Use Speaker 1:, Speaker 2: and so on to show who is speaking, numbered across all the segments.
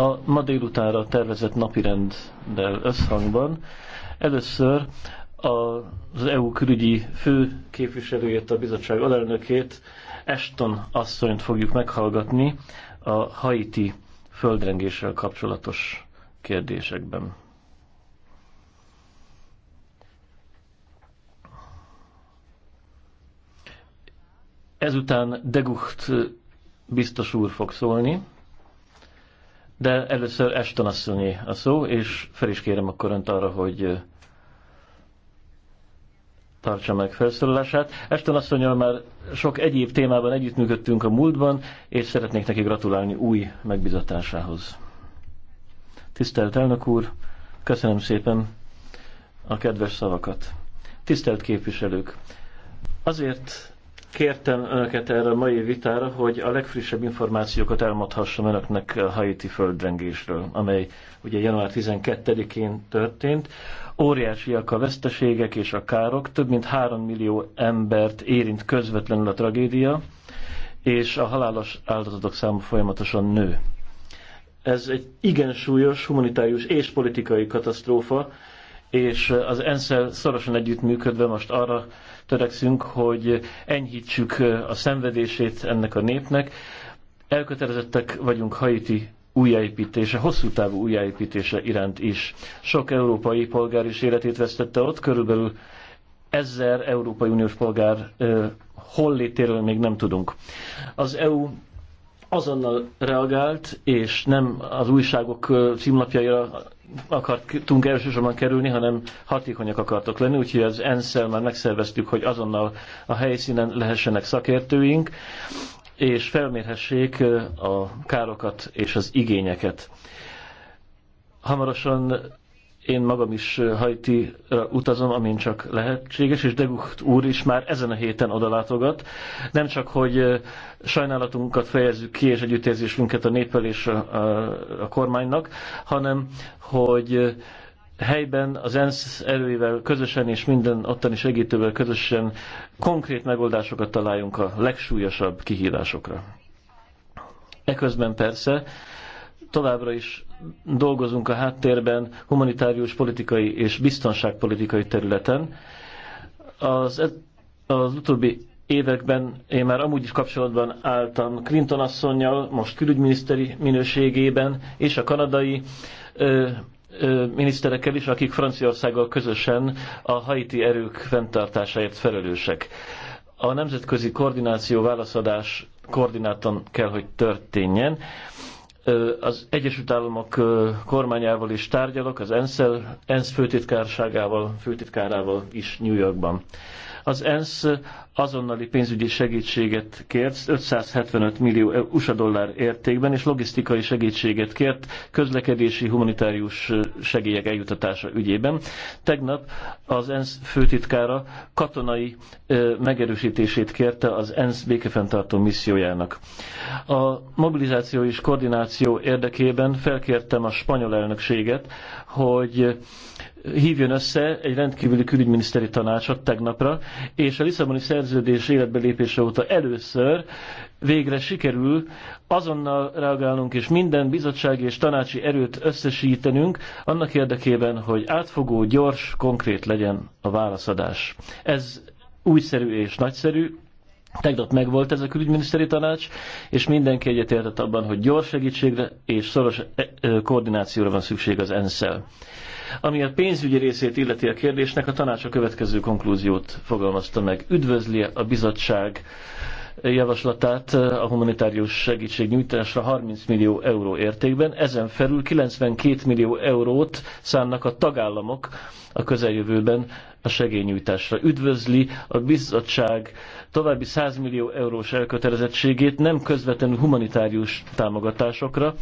Speaker 1: a ma délutánra tervezett napirenddel összhangban. Először az EU külügyi fő képviselőjét, a bizottság alelnökét, Eston asszonyt fogjuk meghallgatni a haiti földrengéssel kapcsolatos kérdésekben. Ezután Degucht biztos úr fog szólni. De először Eston a szó, és fel is kérem akkor önt arra, hogy tartsa meg felszólalását. Eston asszonyal már sok egyéb témában együttműködtünk a múltban, és szeretnék neki gratulálni új megbizatásához. Tisztelt elnök úr, köszönöm szépen a kedves szavakat. Tisztelt képviselők, azért Kértem önöket erre a mai vitára, hogy a legfrissebb információkat elmondhassam önöknek a Haiti földrengésről, amely ugye január 12-én történt. Óriásiak a veszteségek és a károk, több mint 3 millió embert érint közvetlenül a tragédia, és a halálos áldozatok száma folyamatosan nő. Ez egy igen súlyos humanitárius és politikai katasztrófa, és az ensz szorosan együttműködve most arra törekszünk, hogy enyhítsük a szenvedését ennek a népnek. Elkötelezettek vagyunk Haiti újjáépítése, hosszú távú újjáépítése iránt is. Sok európai polgár is életét vesztette ott, körülbelül ezer Európai Uniós polgár hol létéről még nem tudunk. Az EU azonnal reagált, és nem az újságok címlapjaira akartunk elsősorban kerülni, hanem hatékonyak akartok lenni, úgyhogy az ensz már megszerveztük, hogy azonnal a helyszínen lehessenek szakértőink, és felmérhessék a károkat és az igényeket. Hamarosan én magam is eh, Haiti utazom, amin csak lehetséges, és Degucht úr is már ezen a héten odalátogat. Nem csak, hogy eh, sajnálatunkat fejezzük ki, és együttérzésünket a néppel és a, a, a kormánynak, hanem, hogy eh, helyben az ENSZ erőivel közösen és minden ottani segítővel közösen konkrét megoldásokat találjunk a legsúlyosabb kihívásokra. Eközben persze továbbra is dolgozunk a háttérben humanitárius politikai és biztonságpolitikai területen. Az, e- az utóbbi években én már amúgy is kapcsolatban álltam Clinton asszonynal, most külügyminiszteri minőségében, és a kanadai ö, ö, miniszterekkel is, akik Franciaországgal közösen a haiti erők fenntartásáért felelősek. A nemzetközi koordináció válaszadás koordináton kell, hogy történjen az Egyesült Államok kormányával is tárgyalok, az ENSZ, ENSZ főtitkárságával, főtitkárával is New Yorkban. Az ENSZ azonnali pénzügyi segítséget kért, 575 millió e- USA dollár értékben, és logisztikai segítséget kért közlekedési humanitárius segélyek eljutatása ügyében. Tegnap az ENSZ főtitkára katonai megerősítését kérte az ENSZ békefenntartó missziójának. A mobilizáció és koordináció érdekében felkértem a spanyol elnökséget, hogy hívjon össze egy rendkívüli külügyminiszteri tanácsot tegnapra, és a Lisszaboni szerződés életbe lépése óta először végre sikerül, azonnal reagálnunk és minden bizottsági és tanácsi erőt összesítenünk, annak érdekében, hogy átfogó, gyors, konkrét legyen a válaszadás. Ez újszerű és nagyszerű, Tegnap megvolt ez a külügyminiszteri tanács, és mindenki egyetértett abban, hogy gyors segítségre és szoros eh, eh, koordinációra van szükség az ENSZ-el. Ami a pénzügyi részét illeti a kérdésnek, a tanács a következő konklúziót fogalmazta meg. Üdvözli a bizottság javaslatát a humanitárius segítségnyújtásra 30 millió euró értékben. Ezen felül 92 millió eurót szánnak a tagállamok a közeljövőben a segélynyújtásra. Üdvözli a bizottság további 100 millió eurós elkötelezettségét nem közvetlenül humanitárius támogatásokra,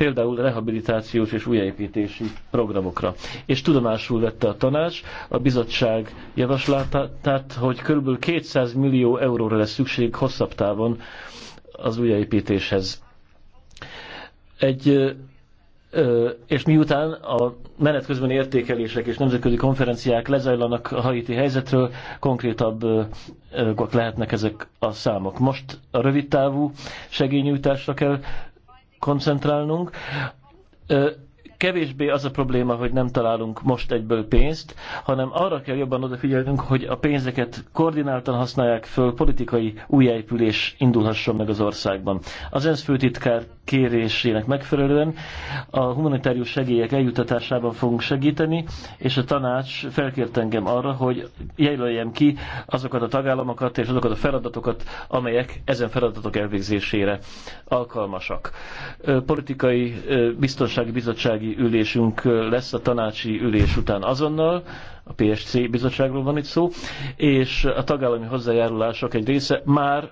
Speaker 1: például rehabilitációs és újjáépítési programokra. És tudomásul vette a tanács a bizottság javaslatát, hogy kb. 200 millió euróra lesz szükség hosszabb távon az újjáépítéshez. Egy és miután a menet közben értékelések és nemzetközi konferenciák lezajlanak a haiti helyzetről, konkrétabbak lehetnek ezek a számok. Most a rövidtávú segélynyújtásra kell koncentrálnunk kevésbé az a probléma, hogy nem találunk most egyből pénzt, hanem arra kell jobban odafigyelnünk, hogy a pénzeket koordináltan használják föl, politikai újjáépülés indulhasson meg az országban. Az ENSZ főtitkár kérésének megfelelően a humanitárius segélyek eljutatásában fogunk segíteni, és a tanács felkért engem arra, hogy jelöljem ki azokat a tagállamokat és azokat a feladatokat, amelyek ezen feladatok elvégzésére alkalmasak. Politikai, biztonsági, bizottsági ülésünk lesz a tanácsi ülés után azonnal, a PSC bizottságról van itt szó, és a tagállami hozzájárulások egy része már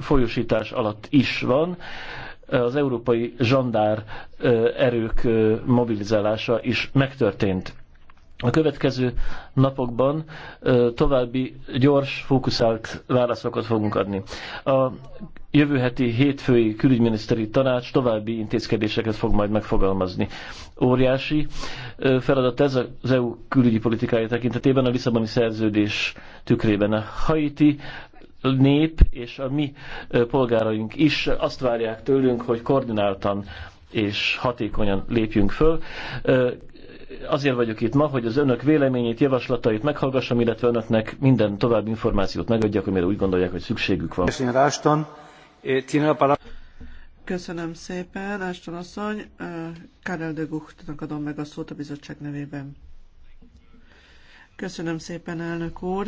Speaker 1: folyosítás alatt is van. Az európai zsandár erők mobilizálása is megtörtént. A következő napokban további gyors, fókuszált válaszokat fogunk adni. A jövő heti hétfői külügyminiszteri tanács további intézkedéseket fog majd megfogalmazni. Óriási feladat ez az EU külügyi politikája tekintetében a Lisszaboni szerződés tükrében. A Haiti nép és a mi polgáraink is azt várják tőlünk, hogy koordináltan és hatékonyan lépjünk föl azért vagyok itt ma, hogy az önök véleményét, javaslatait meghallgassam, illetve önöknek minden további információt megadjak, amire úgy gondolják, hogy szükségük van.
Speaker 2: Köszönöm eh, szépen, Ashton asszony. Eh, Karel de Guchtnak adom meg a szót a bizottság nevében. Köszönöm szépen, elnök úr.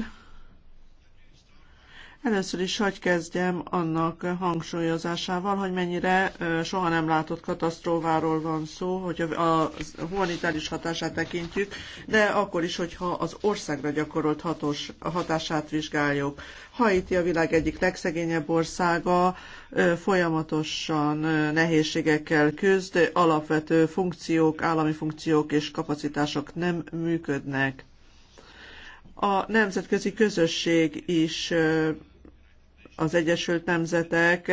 Speaker 2: Először is hogy kezdjem annak hangsúlyozásával, hogy mennyire soha nem látott katasztrófáról van szó, hogy a humanitális hatását tekintjük, de akkor is, hogyha az országra gyakorolt hatós, hatását vizsgáljuk. Haiti a világ egyik legszegényebb országa, folyamatosan nehézségekkel küzd, alapvető funkciók, állami funkciók és kapacitások nem működnek. A nemzetközi közösség is az Egyesült Nemzetek,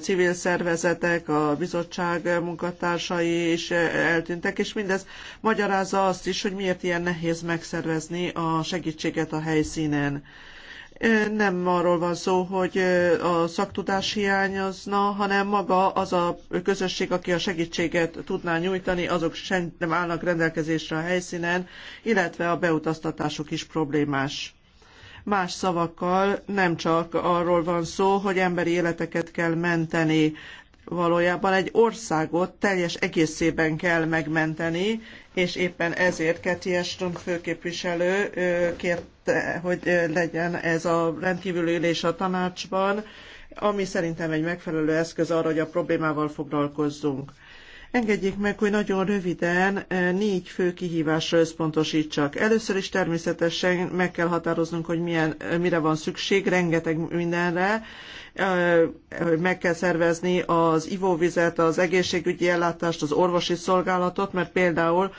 Speaker 2: civil szervezetek, a bizottság munkatársai is eltűntek, és mindez magyarázza azt is, hogy miért ilyen nehéz megszervezni a segítséget a helyszínen. Nem arról van szó, hogy a szaktudás hiányozna, hanem maga az a közösség, aki a segítséget tudná nyújtani, azok sem nem állnak rendelkezésre a helyszínen, illetve a beutaztatásuk is problémás. Más szavakkal nem csak arról van szó, hogy emberi életeket kell menteni, valójában egy országot teljes egészében kell megmenteni, és éppen ezért Keti Eston főképviselő kérte, hogy legyen ez a rendkívüli ülés a tanácsban, ami szerintem egy megfelelő eszköz arra, hogy a problémával foglalkozzunk. Engedjék meg, hogy nagyon röviden eh, négy fő kihívásra összpontosítsak. Először is természetesen meg kell határoznunk, hogy milyen, eh, mire van szükség, rengeteg mindenre. Eh, meg kell szervezni az ivóvizet, az egészségügyi ellátást, az orvosi szolgálatot, mert például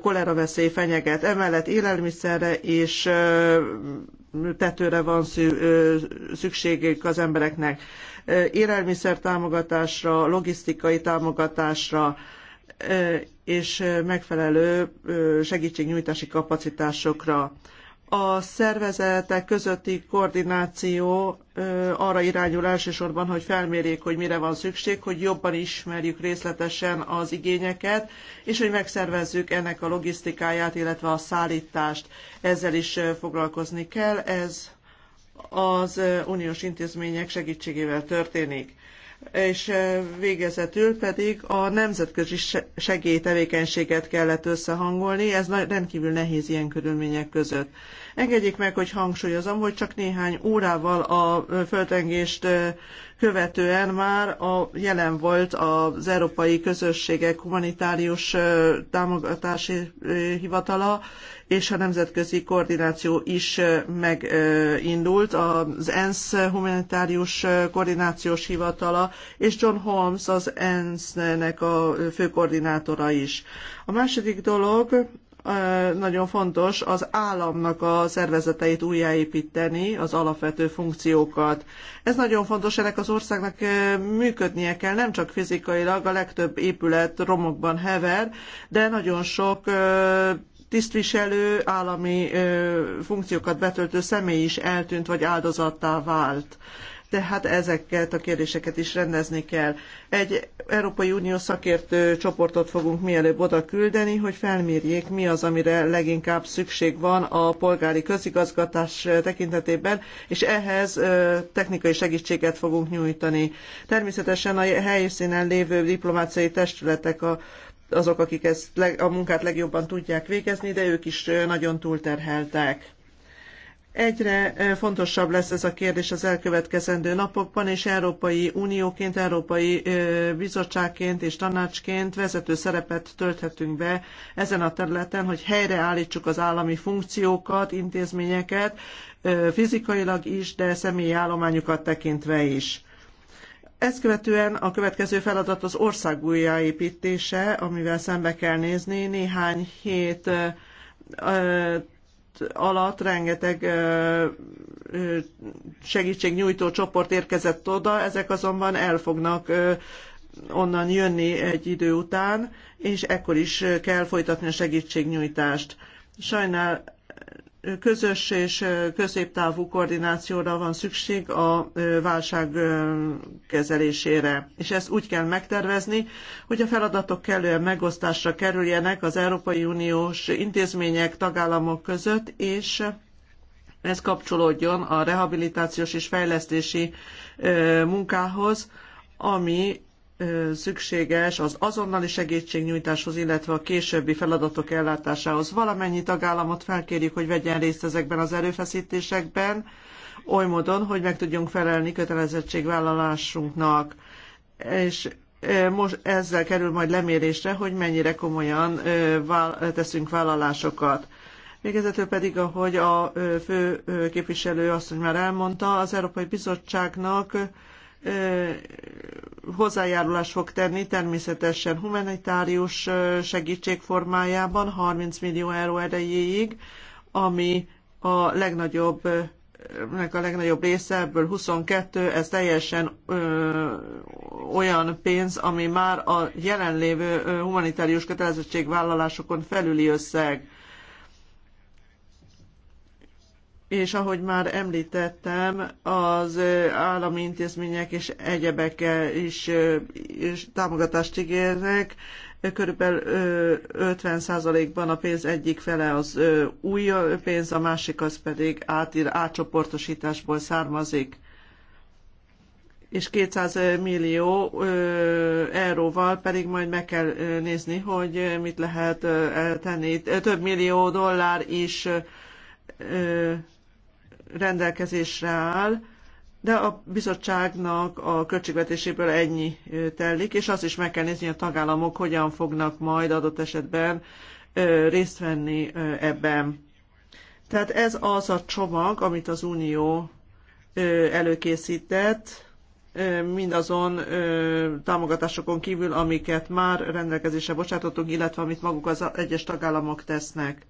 Speaker 2: kolera veszély fenyeget. Emellett élelmiszerre és tetőre van szükségük az embereknek élelmiszer támogatásra, logisztikai támogatásra és megfelelő segítségnyújtási kapacitásokra. A szervezetek közötti koordináció arra irányul elsősorban, hogy felmérjék, hogy mire van szükség, hogy jobban ismerjük részletesen az igényeket, és hogy megszervezzük ennek a logisztikáját, illetve a szállítást. Ezzel is foglalkozni kell. Ez az uniós intézmények segítségével történik és végezetül pedig a nemzetközi segélytevékenységet kellett összehangolni, ez rendkívül nehéz ilyen körülmények között. Engedjék meg, hogy hangsúlyozom, hogy csak néhány órával a földrengést követően már a jelen volt az Európai Közösségek Humanitárius Támogatási Hivatala, és a nemzetközi koordináció is megindult. Az ENSZ humanitárius koordinációs hivatala, és John Holmes az ENSZ-nek a főkoordinátora is. A második dolog, nagyon fontos az államnak a szervezeteit újjáépíteni, az alapvető funkciókat. Ez nagyon fontos, ennek az országnak működnie kell, nem csak fizikailag, a legtöbb épület romokban hever, de nagyon sok tisztviselő, állami funkciókat betöltő személy is eltűnt vagy áldozattá vált tehát ezeket a kérdéseket is rendezni kell. Egy Európai Unió szakértő csoportot fogunk mielőbb oda küldeni, hogy felmérjék, mi az, amire leginkább szükség van a polgári közigazgatás tekintetében, és ehhez technikai segítséget fogunk nyújtani. Természetesen a helyszínen lévő diplomáciai testületek a azok, akik ezt a munkát legjobban tudják végezni, de ők is nagyon túlterheltek. Egyre fontosabb lesz ez a kérdés az elkövetkezendő napokban, és Európai Unióként, Európai Bizottságként és Tanácsként vezető szerepet tölthetünk be ezen a területen, hogy helyreállítsuk az állami funkciókat, intézményeket, fizikailag is, de személyi állományukat tekintve is. Ezt követően a következő feladat az ország építése, amivel szembe kell nézni. Néhány hét alatt rengeteg segítségnyújtó csoport érkezett oda, ezek azonban el fognak onnan jönni egy idő után, és ekkor is kell folytatni a segítségnyújtást. Sajnál, közös és középtávú koordinációra van szükség a válság kezelésére. És ezt úgy kell megtervezni, hogy a feladatok kellően megosztásra kerüljenek az Európai Uniós intézmények, tagállamok között, és ez kapcsolódjon a rehabilitációs és fejlesztési munkához, ami szükséges az azonnali segítségnyújtáshoz, illetve a későbbi feladatok ellátásához. Valamennyi tagállamot felkérjük, hogy vegyen részt ezekben az erőfeszítésekben, oly módon, hogy meg tudjunk felelni kötelezettségvállalásunknak. És most ezzel kerül majd lemérésre, hogy mennyire komolyan teszünk vállalásokat. Végezetül pedig, ahogy a fő képviselő azt, hogy már elmondta, az Európai Bizottságnak hozzájárulás fog tenni, természetesen humanitárius segítség formájában 30 millió euró erejéig, ami a legnagyobb a legnagyobb része, ebből 22, ez teljesen ö, olyan pénz, ami már a jelenlévő humanitárius kötelezettségvállalásokon felüli összeg. és ahogy már említettem, az állami intézmények és egyebekkel is, is támogatást ígérnek. Körülbelül 50%-ban a pénz egyik fele az új pénz, a másik az pedig átír, átcsoportosításból származik és 200 millió euróval pedig majd meg kell nézni, hogy mit lehet tenni. Több millió dollár is rendelkezésre áll, de a bizottságnak a költségvetéséből ennyi telik, és azt is meg kell nézni, hogy a tagállamok hogyan fognak majd adott esetben részt venni ebben. Tehát ez az a csomag, amit az Unió előkészített, mindazon támogatásokon kívül, amiket már rendelkezésre bocsátottunk, illetve amit maguk az egyes tagállamok tesznek.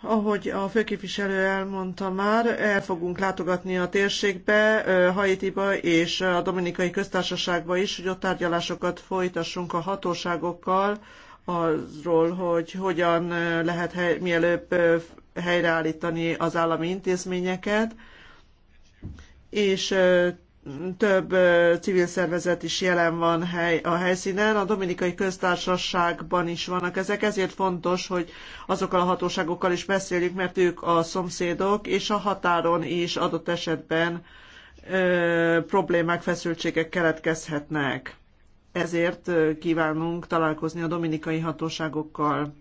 Speaker 2: Ahogy a főképviselő elmondta már, el fogunk látogatni a térségbe, Haitiba és a Dominikai Köztársaságba is, hogy ott tárgyalásokat folytassunk a hatóságokkal azról hogy hogyan lehet hely, mielőbb helyreállítani az állami intézményeket, és több civil szervezet is jelen van hely, a helyszínen, a Dominikai Köztársaságban is vannak ezek, ezért fontos, hogy azokkal a hatóságokkal is beszéljük, mert ők a szomszédok, és a határon is adott esetben ö, problémák, feszültségek keletkezhetnek. Ezért kívánunk találkozni a dominikai hatóságokkal.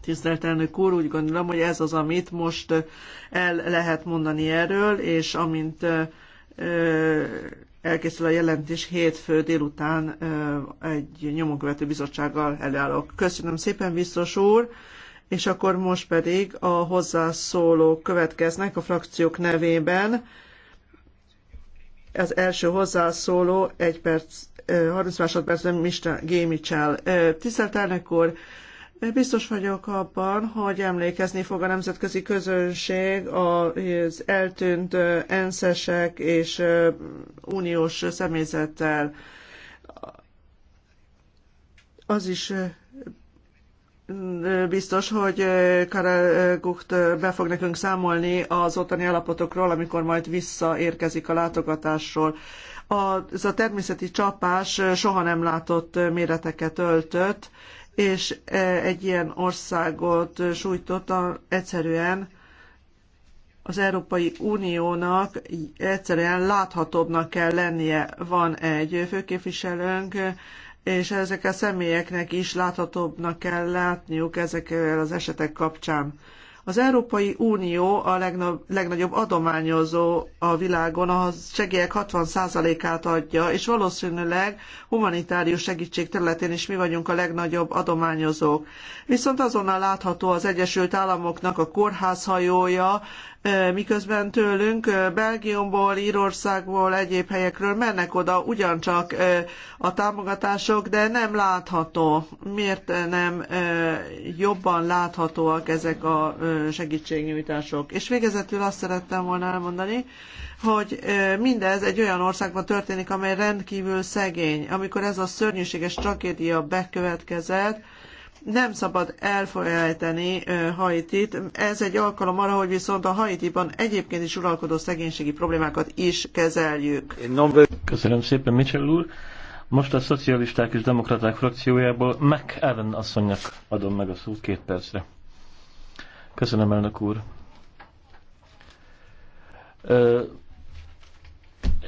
Speaker 2: Tisztelt elnök úr, úgy gondolom, hogy ez az, amit most el lehet mondani erről, és amint elkészül a jelentés hétfő délután egy nyomonkövető bizottsággal előállok. Köszönöm szépen, biztos úr! És akkor most pedig a hozzászólók következnek a frakciók nevében. Az első hozzászóló egy perc, 30 másodpercben Mr. Gémicsel. Tisztelt elnök úr, Biztos vagyok abban, hogy emlékezni fog a nemzetközi közönség az eltűnt enszesek és uniós személyzettel. Az is biztos, hogy Karel Gucht be fog nekünk számolni az ottani állapotokról, amikor majd visszaérkezik a látogatásról. Az a természeti csapás soha nem látott méreteket öltött, és e, egy ilyen országot e, sújtott egyszerűen az Európai Uniónak egyszerűen láthatóbbnak kell lennie. Van egy főképviselőnk, és ezek a személyeknek is láthatóbbnak kell látniuk ezekkel az esetek kapcsán. Az Európai Unió a legnagyobb adományozó a világon, a segélyek 60%-át adja, és valószínűleg humanitárius segítség területén is mi vagyunk a legnagyobb adományozók. Viszont azonnal látható az Egyesült Államoknak a kórházhajója, miközben tőlünk Belgiumból, Írországból, egyéb helyekről mennek oda ugyancsak a támogatások, de nem látható. Miért nem jobban láthatóak ezek a segítségnyújtások? És végezetül azt szerettem volna elmondani, hogy mindez egy olyan országban történik, amely rendkívül szegény. Amikor ez a szörnyűséges tragédia bekövetkezett, nem szabad elfelejteni Haitit. Ez egy alkalom arra, hogy viszont a Haitiban egyébként is uralkodó szegénységi problémákat is kezeljük.
Speaker 1: Köszönöm szépen, Mitchell úr. Most a Szocialisták és Demokraták frakciójából Mac Allen asszonynak adom meg a szót két percre. Köszönöm, elnök úr.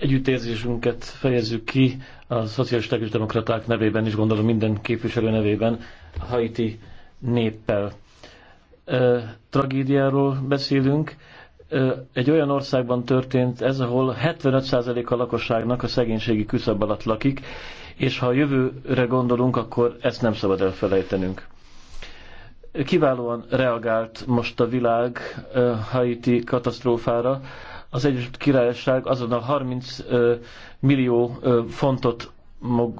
Speaker 1: Együttérzésünket fejezzük ki a szocialisták és demokraták nevében is, gondolom minden képviselő nevében haiti néppel. Tragédiáról beszélünk. Egy olyan országban történt ez, ahol 75% a lakosságnak a szegénységi küszöb alatt lakik, és ha a jövőre gondolunk, akkor ezt nem szabad elfelejtenünk. Kiválóan reagált most a világ Haiti katasztrófára. Az Egyesült Királyság azonnal 30 millió fontot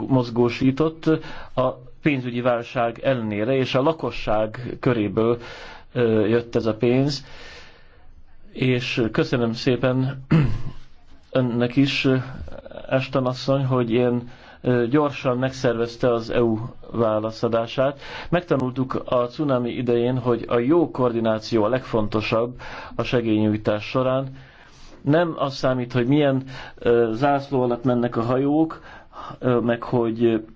Speaker 1: mozgósított a pénzügyi válság ellenére, és a lakosság köréből jött ez a pénz. És köszönöm szépen önnek is, Eston asszony, hogy ilyen gyorsan megszervezte az EU válaszadását. Megtanultuk a cunami idején, hogy a jó koordináció a legfontosabb a segélynyújtás során. Nem az számít, hogy milyen zászló alatt mennek a hajók, meg hogy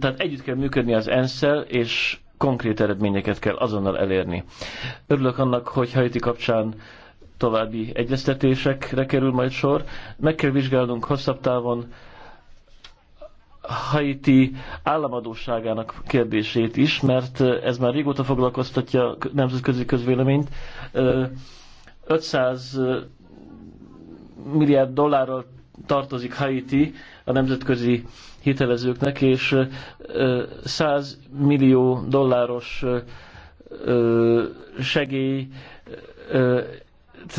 Speaker 1: tehát együtt kell működni az ensz és konkrét eredményeket kell azonnal elérni. Örülök annak, hogy Haiti kapcsán további egyeztetésekre kerül majd sor. Meg kell vizsgálnunk hosszabb távon Haiti államadóságának kérdését is, mert eh, ez már régóta foglalkoztatja a nemzetközi közvéleményt. 500 eh, eh, milliárd dollárral tartozik Haiti a nemzetközi hitelezőknek, és 100 millió dolláros segély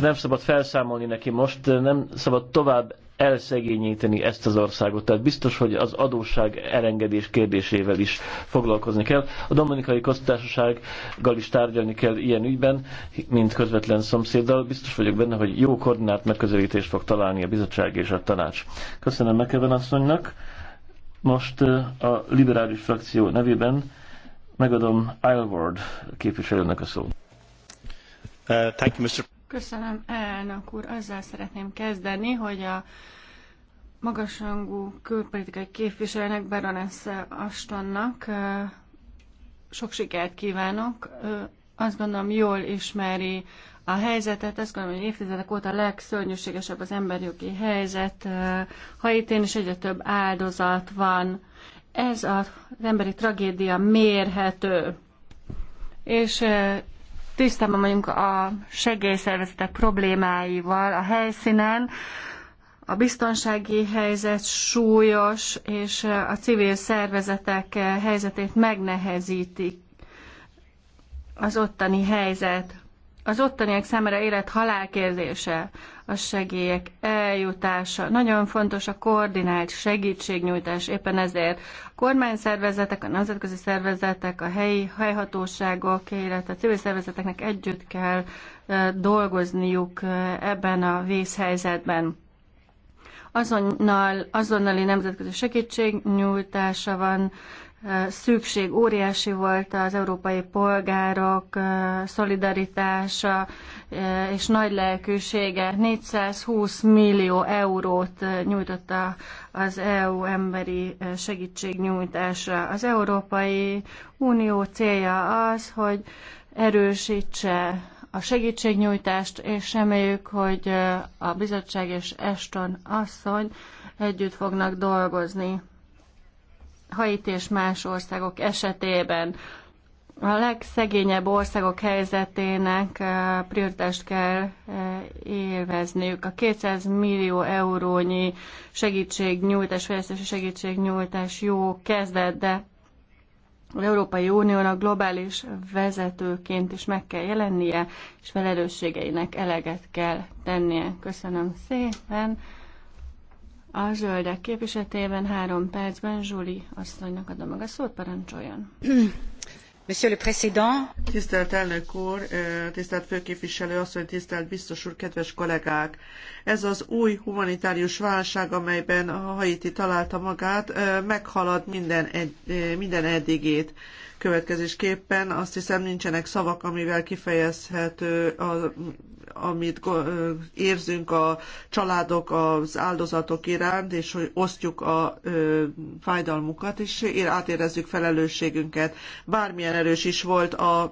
Speaker 1: nem szabad felszámolni neki most, nem szabad tovább elszegényíteni ezt az országot. Tehát biztos, hogy az adósság elengedés kérdésével is foglalkozni kell. A Dominikai Köztársasággal is tárgyalni kell ilyen ügyben, mint közvetlen szomszéddal. Biztos vagyok benne, hogy jó koordinált megközelítést fog találni a bizottság és a tanács. Köszönöm Mekeven asszonynak. Most eh, a liberális frakció nevében megadom Isleward képviselőnek a szót. Uh, thank you, Mr.
Speaker 3: Köszönöm, elnök úr. Azzal szeretném kezdeni, hogy a magasrangú külpolitikai képviselőnek, Baroness Astonnak sok sikert kívánok. Azt gondolom, jól ismeri a helyzetet. Azt gondolom, hogy évtizedek óta a legszörnyűségesebb az emberjogi helyzet. én is egyre több áldozat van. Ez az emberi tragédia mérhető. És tisztában vagyunk a segélyszervezetek problémáival a helyszínen. A biztonsági helyzet súlyos, és a civil szervezetek helyzetét megnehezíti az ottani helyzet az ottaniak számára élet-halál kérdése, a segélyek eljutása, nagyon fontos a koordinált segítségnyújtás, éppen ezért a kormányszervezetek, a nemzetközi szervezetek, a helyi helyhatóságok, illetve a civil szervezeteknek együtt kell dolgozniuk ebben a vészhelyzetben. Azonnal, azonnali nemzetközi segítségnyújtása van szükség óriási volt az európai polgárok szolidaritása és nagy lelkűsége. 420 millió eurót nyújtotta az EU emberi segítségnyújtásra. Az Európai Unió célja az, hogy erősítse a segítségnyújtást, és reméljük, hogy a bizottság és Eston asszony együtt fognak dolgozni Haiti és más országok esetében. A legszegényebb országok helyzetének eh, prioritást kell eh, élvezniük. A 200 millió eurónyi segítségnyújtás, fejlesztési segítségnyújtás jó kezdet, de az Európai Uniónak globális vezetőként is meg kell jelennie, és felelősségeinek eleget kell tennie. Köszönöm szépen! A zöldek képviseletében három percben Zsuli
Speaker 2: asszonynak adom meg a szót, parancsoljon. Monsieur le Président. Tisztelt elnök úr, tisztelt főképviselő asszony, tisztelt biztos úr, kedves kollégák! Ez az új humanitárius válság, amelyben a Haiti találta magát, meghalad minden, ed minden eddigét. Következésképpen azt hiszem nincsenek szavak, amivel kifejezhető a amit érzünk a családok az áldozatok iránt, és hogy osztjuk a fájdalmukat, és átérezzük felelősségünket. Bármilyen erős is volt a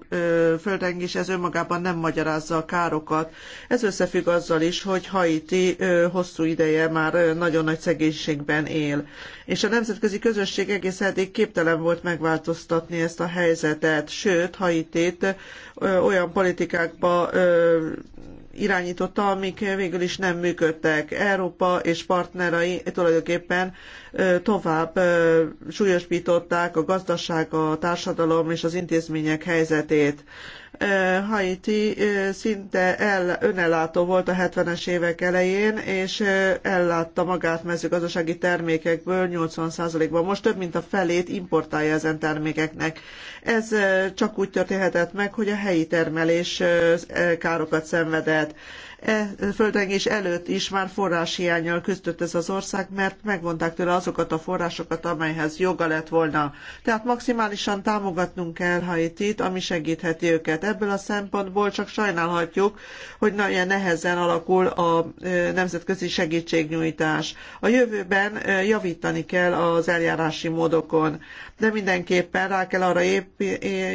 Speaker 2: földrengés, ez önmagában nem magyarázza a károkat. Ez összefügg azzal is, hogy Haiti hosszú ideje már nagyon nagy szegénységben él. És a nemzetközi közösség egész eddig képtelen volt megváltoztatni ezt a helyzetet, sőt, Haitit olyan politikákba irányította, amik végül is nem működtek. Európa és partnerai tulajdonképpen tovább súlyosbították a gazdaság, a társadalom és az intézmények helyzetét. Haiti szinte el, önellátó volt a 70-es évek elején, és ellátta magát mezőgazdasági termékekből 80%-ban. Most több mint a felét importálja ezen termékeknek. Ez csak úgy történhetett meg, hogy a helyi termelés károkat szenvedett. E földrengés előtt is már forráshiányjal küzdött ez az ország, mert megvonták tőle azokat a forrásokat, amelyhez joga lett volna. Tehát maximálisan támogatnunk kell Haitit, ami segítheti őket. Ebből a szempontból csak sajnálhatjuk, hogy nagyon nehezen alakul a e, nemzetközi segítségnyújtás. A jövőben e, javítani kell az eljárási módokon, de mindenképpen rá kell arra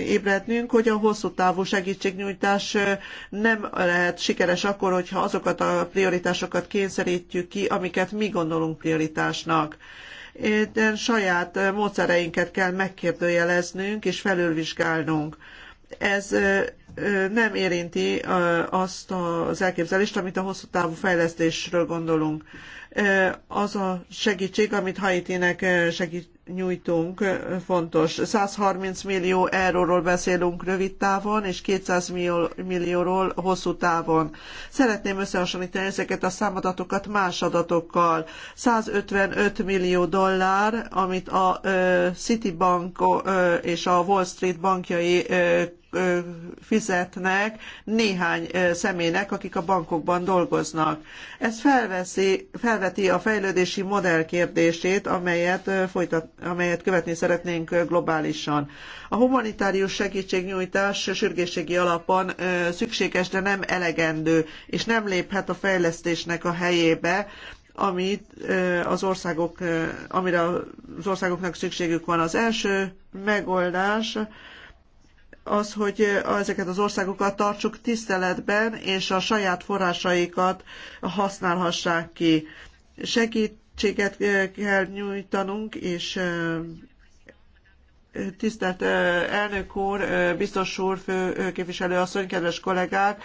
Speaker 2: ébrednünk, hogy a hosszú távú segítségnyújtás e, nem lehet sikeres akkor, hogyha azokat a prioritásokat kényszerítjük ki, amiket mi gondolunk prioritásnak. De saját módszereinket kell megkérdőjeleznünk és felülvizsgálnunk. Ez nem érinti azt az elképzelést, amit a hosszú távú fejlesztésről gondolunk. Az a segítség, amit Haitinek segít, nyújtunk, fontos. 130 millió euróról beszélünk rövid távon, és 200 millió, millióról hosszú távon. Szeretném összehasonlítani ezeket a számadatokat más adatokkal. 155 millió dollár, amit a Citibank és a Wall Street bankjai fizetnek néhány személynek, akik a bankokban dolgoznak. Ez felveszi, felveti a fejlődési modell kérdését, amelyet, folytat, amelyet követni szeretnénk globálisan. A humanitárius segítségnyújtás sürgésségi alapon szükséges, de nem elegendő, és nem léphet a fejlesztésnek a helyébe, amit az országok, amire az országoknak szükségük van. Az első megoldás az, hogy ezeket az országokat tartsuk tiszteletben, és a saját forrásaikat használhassák ki. Segítséget eh, kell nyújtanunk, és eh, tisztelt eh, elnök úr, biztos úr, főképviselő asszony, kedves kollégák,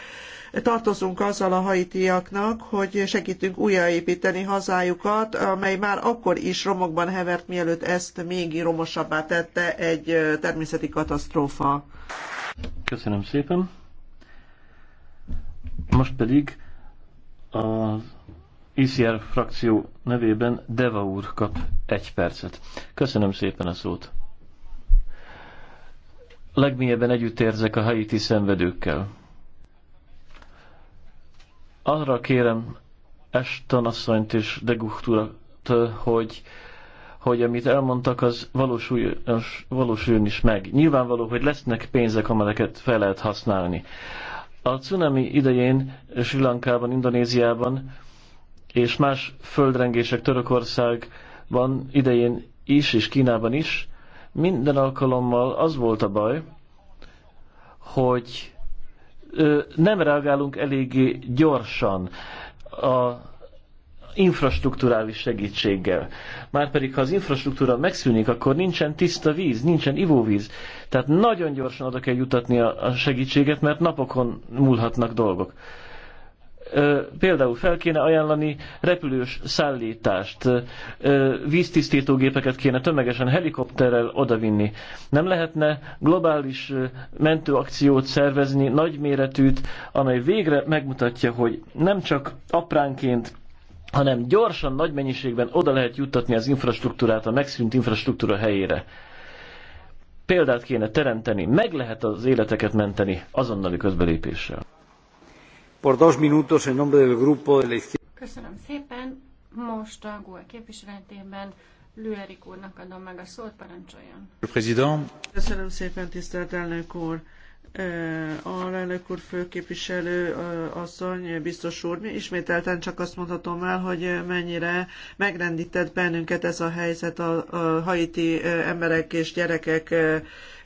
Speaker 2: tartozunk azzal a haitiaknak, hogy segítünk újraépíteni hazájukat, amely már akkor is romokban hevert, mielőtt ezt még romosabbá tette egy természeti katasztrófa.
Speaker 1: Köszönöm szépen. Most pedig az ICR e frakció nevében Deva úr kap egy percet. Köszönöm szépen a szót. Legmélyebben együtt érzek a haiti szenvedőkkel. Arra kérem Eston asszonyt és Deguchturat, hogy hogy amit elmondtak, az valósuljon, valósuljon is meg. Nyilvánvaló, hogy lesznek pénzek, amelyeket fel lehet használni. A cunami idején Sri Lankában, Indonéziában és más földrengések Törökországban idején is, és Kínában is, minden alkalommal az volt a baj, hogy nem reagálunk eléggé gyorsan a infrastruktúrális segítséggel. Márpedig, ha az infrastruktúra megszűnik, akkor nincsen tiszta víz, nincsen ivóvíz. Tehát nagyon gyorsan oda kell jutatni a segítséget, mert napokon múlhatnak dolgok. Például fel kéne ajánlani repülős szállítást, víztisztítógépeket kéne tömegesen helikopterrel odavinni. Nem lehetne globális mentőakciót szervezni, nagyméretűt, amely végre megmutatja, hogy nem csak apránként hanem gyorsan, nagy mennyiségben oda lehet juttatni az infrastruktúrát a megszűnt infrastruktúra helyére. Példát kéne teremteni, meg lehet az életeket menteni azonnali közbelépéssel.
Speaker 3: Köszönöm szépen. Most a GUE képviseletében Lülerik úrnak adom meg a szót,
Speaker 2: parancsoljon. President. Köszönöm szépen, tisztelt elnök úr. A elnök úr főképviselő asszony, biztos úr, mi ismételten csak azt mondhatom el, hogy mennyire megrendített bennünket ez a helyzet a haiti emberek és gyerekek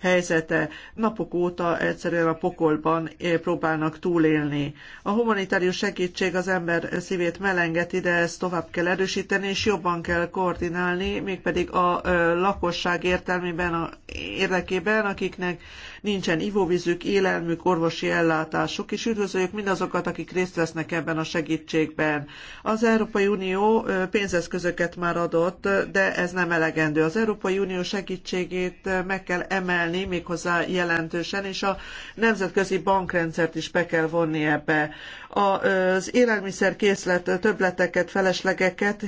Speaker 2: helyzete. Napok óta egyszerűen a pokolban eh, próbálnak túlélni. A humanitárius segítség az ember szívét melengeti, de ezt tovább kell erősíteni, és jobban kell koordinálni, mégpedig a eh, lakosság értelmében, a, érdekében, akiknek nincsen ivóvízük, élelmük, orvosi ellátásuk, és üdvözöljük mindazokat, akik részt vesznek ebben a segítségben. Az Európai Unió eh, pénzeszközöket már adott, de ez nem elegendő. Az Európai Unió segítségét meg kell emelni, emelni, méghozzá jelentősen, és a nemzetközi bankrendszert is be kell vonni ebbe. Az élelmiszerkészlet többleteket, feleslegeket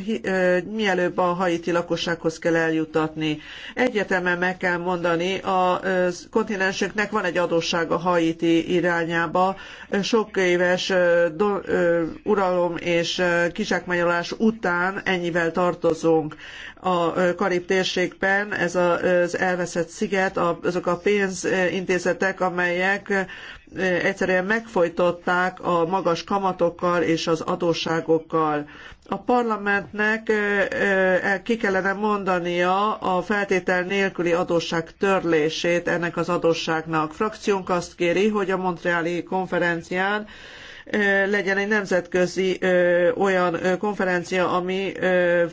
Speaker 2: mielőbb a haiti lakossághoz kell eljutatni. Egyetemen meg kell mondani, a kontinensünknek van egy adóssága Haiti irányába. Sok éves uralom és kizsákmányolás után ennyivel tartozunk a Karib térségben ez az elveszett sziget, azok a pénzintézetek, amelyek egyszerűen megfojtották a magas kamatokkal és az adósságokkal. A parlamentnek ki kellene mondania a feltétel nélküli adósság törlését ennek az adósságnak. Frakciónk azt kéri, hogy a Montreali konferencián legyen egy nemzetközi olyan konferencia, ami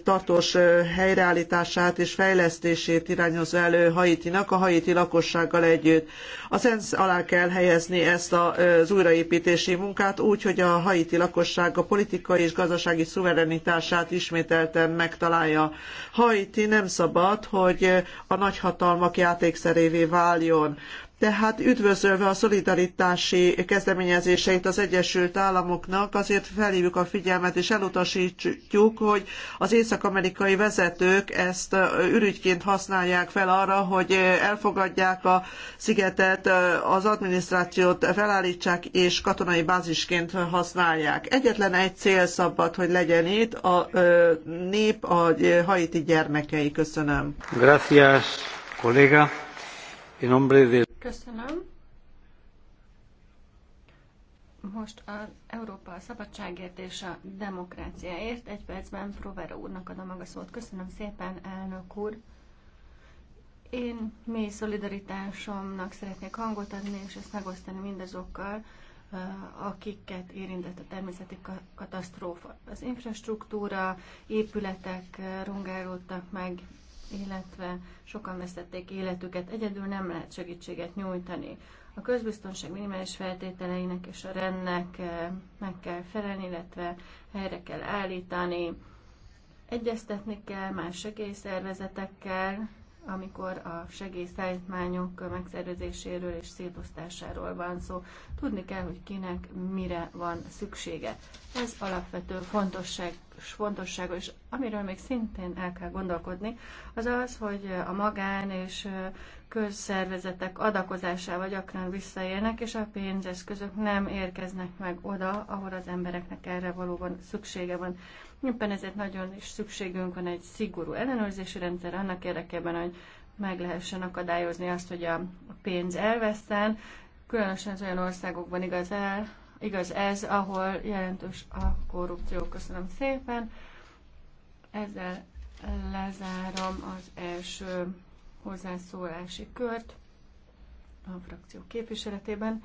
Speaker 2: tartós helyreállítását és fejlesztését irányozza elő Haitinak a haiti lakossággal együtt. A szensz alá kell helyezni ezt az újraépítési munkát úgy, hogy a haiti lakosság a politikai és gazdasági szuverenitását ismételten megtalálja. Haiti nem szabad, hogy a nagyhatalmak játékszerévé váljon. Tehát üdvözölve a szolidaritási kezdeményezéseit az Egyesült Államoknak, azért felhívjuk a figyelmet és elutasítjuk, hogy az észak-amerikai vezetők ezt ürügyként használják fel arra, hogy elfogadják a szigetet, az adminisztrációt felállítsák és katonai bázisként használják. Egyetlen egy cél szabad, hogy legyen itt a nép, a haiti gyermekei. Köszönöm.
Speaker 3: Gracias,
Speaker 1: En nombre de...
Speaker 3: Köszönöm. Most az Európa a szabadságért és a demokráciáért. Egy percben Provera úrnak adom meg a szót. Köszönöm szépen, elnök úr. Én mély szolidaritásomnak szeretnék hangot adni, és ezt megosztani mindazokkal, eh, akiket érintett a természeti katasztrófa. Az infrastruktúra, épületek eh, rongálódtak meg, illetve sokan vesztették életüket. Egyedül nem lehet segítséget nyújtani. A közbiztonság minimális feltételeinek és a rendnek eh, meg kell felelni, illetve helyre kell állítani. Egyeztetni kell más segélyszervezetekkel, amikor a segélyszállítmányok megszervezéséről és szétosztásáról van szó. Tudni kell, hogy kinek mire van szüksége. Ez alapvető fontosság, fontossága, és amiről még szintén el kell gondolkodni, az az, hogy a magán és közszervezetek adakozásával gyakran visszaélnek, és a pénzeszközök nem érkeznek meg oda, ahol az embereknek erre valóban szüksége van. Éppen ezért nagyon is szükségünk van egy szigorú ellenőrzési rendszer annak érdekében, hogy meg lehessen akadályozni azt, hogy a pénz elveszten. Különösen az olyan országokban igaz, el, igaz ez, ahol jelentős a korrupció. Köszönöm szépen. Ezzel lezárom az első hozzászólási kört a frakció képviseletében.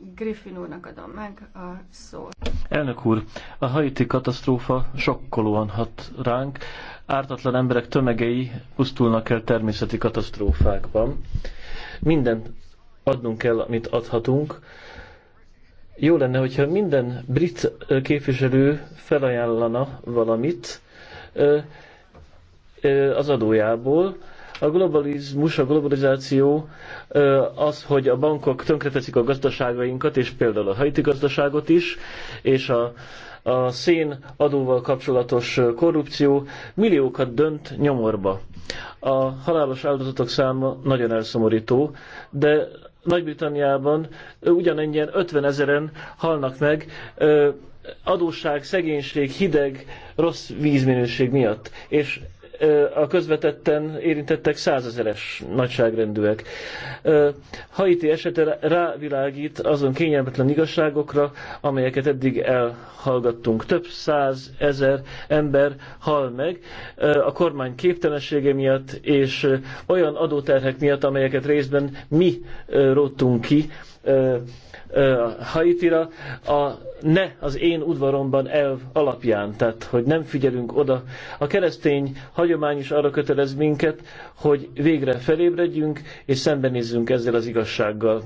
Speaker 3: Griffin úrnak adom meg a szót.
Speaker 1: Elnök úr, a haiti katasztrófa sokkolóan hat ránk. Ártatlan emberek tömegei pusztulnak el természeti katasztrófákban. Minden adnunk kell, amit adhatunk. Jó lenne, hogyha minden brit képviselő felajánlana valamit az adójából, a globalizmus, a globalizáció az, hogy a bankok tönkreteszik a gazdaságainkat, és például a haiti gazdaságot is, és a, a szén adóval kapcsolatos korrupció milliókat dönt nyomorba. A halálos áldozatok száma nagyon elszomorító, de Nagy-Britanniában ugyanennyien 50 ezeren halnak meg adósság, szegénység, hideg, rossz vízminőség miatt. És a közvetetten érintettek százezeres nagyságrendűek. Haiti esete rávilágít azon kényelmetlen igazságokra, amelyeket eddig elhallgattunk. Több százezer ember hal meg a kormány képtelensége miatt, és olyan adóterhek miatt, amelyeket részben mi róttunk ki, Haitira, a ne az én udvaromban elv alapján, tehát hogy nem figyelünk oda. A keresztény hagyomány is arra kötelez minket, hogy végre felébredjünk és szembenézzünk ezzel az igazsággal.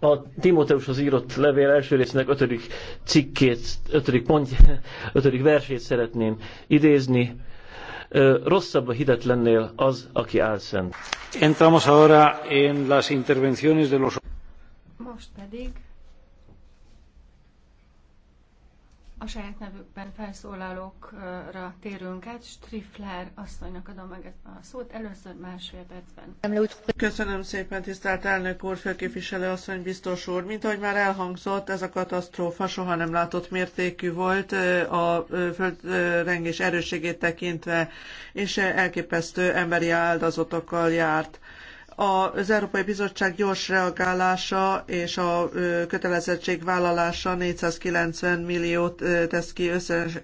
Speaker 1: A Timóteushoz írott levél első résznek ötödik cikkét, ötödik, pont, ötödik versét szeretném idézni. Rosszabb a hitetlennél az, aki álszent. Entramos ahora en las intervenciones de los
Speaker 3: most pedig a saját nevükben felszólalókra térünk át. Strifler asszonynak adom meg a szót, először másfél
Speaker 2: percben. Köszönöm szépen, tisztelt elnök úr, főképviselő asszony, biztos úr. Mint ahogy már elhangzott, ez a katasztrófa soha nem látott mértékű volt a földrengés erősségét tekintve, és elképesztő emberi áldozatokkal járt az Európai Bizottság gyors reagálása és a kötelezettség vállalása 490 milliót tesz ki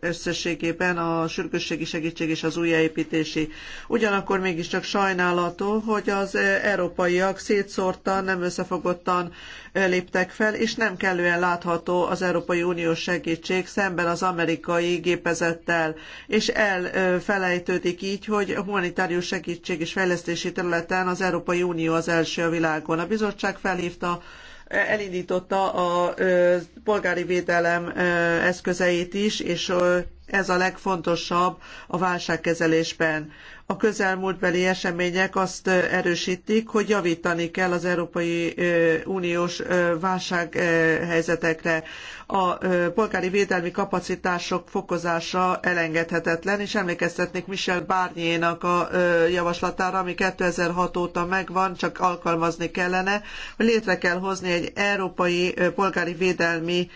Speaker 2: összességében a sürgősségi segítség és az újjáépítési. Ugyanakkor mégiscsak sajnálató, hogy az európaiak szétszórtan, nem összefogottan léptek fel, és nem kellően látható az Európai Uniós segítség szemben az amerikai gépezettel, és elfelejtődik így, hogy humanitárius segítség és fejlesztési területen az Európai Unió az első a világon. A bizottság felhívta elindította a polgári védelem eszközeit is, és ez a legfontosabb a válságkezelésben. A közelmúltbeli események azt erősítik, hogy javítani kell az Európai Uniós válsághelyzetekre. A polgári védelmi kapacitások fokozása elengedhetetlen, és emlékeztetnék Michel Barnier-nak a javaslatára, ami 2006 óta megvan, csak alkalmazni kellene, hogy létre kell hozni egy európai polgári védelmi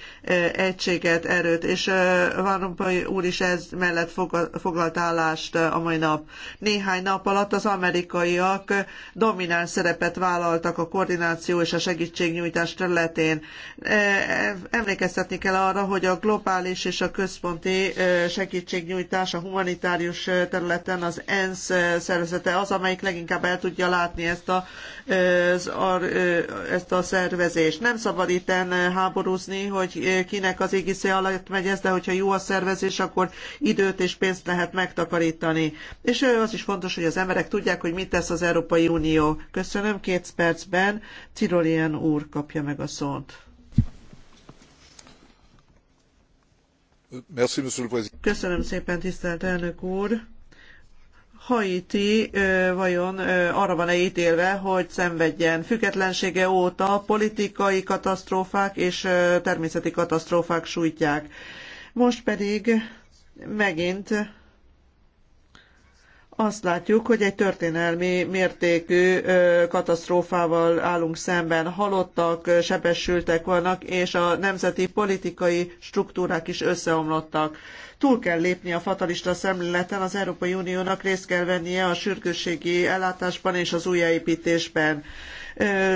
Speaker 2: egységet, erőt, és Van Rompuy úr is ez mellett foglalt állást a mai nap. Néhány nap alatt az amerikaiak domináns szerepet vállaltak a koordináció és a segítségnyújtás területén. E, emlékeztetni kell arra, hogy a globális és a központi e, segítségnyújtás a humanitárius területen az ENSZ szervezete az, amelyik leginkább el tudja látni ezt a, e, ezt a szervezést. Nem szabad itten háborúzni, hogy kinek az égisze alatt megy ez, de hogyha jó a szervezés, akkor időt és pénzt lehet megtakarítani. És az is fontos, hogy az emberek tudják, hogy mit tesz az Európai Unió. Köszönöm, két percben Tirolien úr kapja meg a szót. Köszönöm szépen, tisztelt elnök úr! Haiti vajon arra van-e ítélve, hogy szenvedjen függetlensége óta politikai katasztrófák és természeti katasztrófák sújtják. Most pedig megint azt látjuk, hogy egy történelmi mértékű katasztrófával állunk szemben. Halottak, sebesültek vannak, és a nemzeti politikai struktúrák is összeomlottak. Túl kell lépni a fatalista szemléleten, az Európai Uniónak részt kell vennie a sürgősségi ellátásban és az újjáépítésben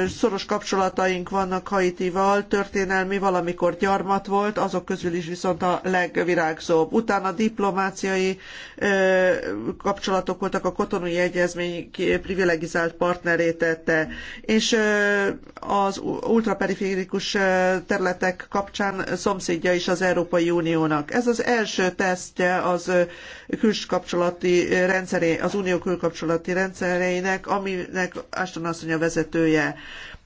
Speaker 2: Szoros kapcsolataink vannak Haitival, történelmi valamikor gyarmat volt, azok közül is viszont a legvirágzóbb. Utána diplomáciai kapcsolatok voltak, a kotonui egyezmény privilegizált partneré tette, és az ultraperiférikus területek kapcsán szomszédja is az Európai Uniónak. Ez az első tesztje az külkapcsolati rendszeré, az unió külkapcsolati rendszereinek, aminek Ashton asszony a vezetője vezetője.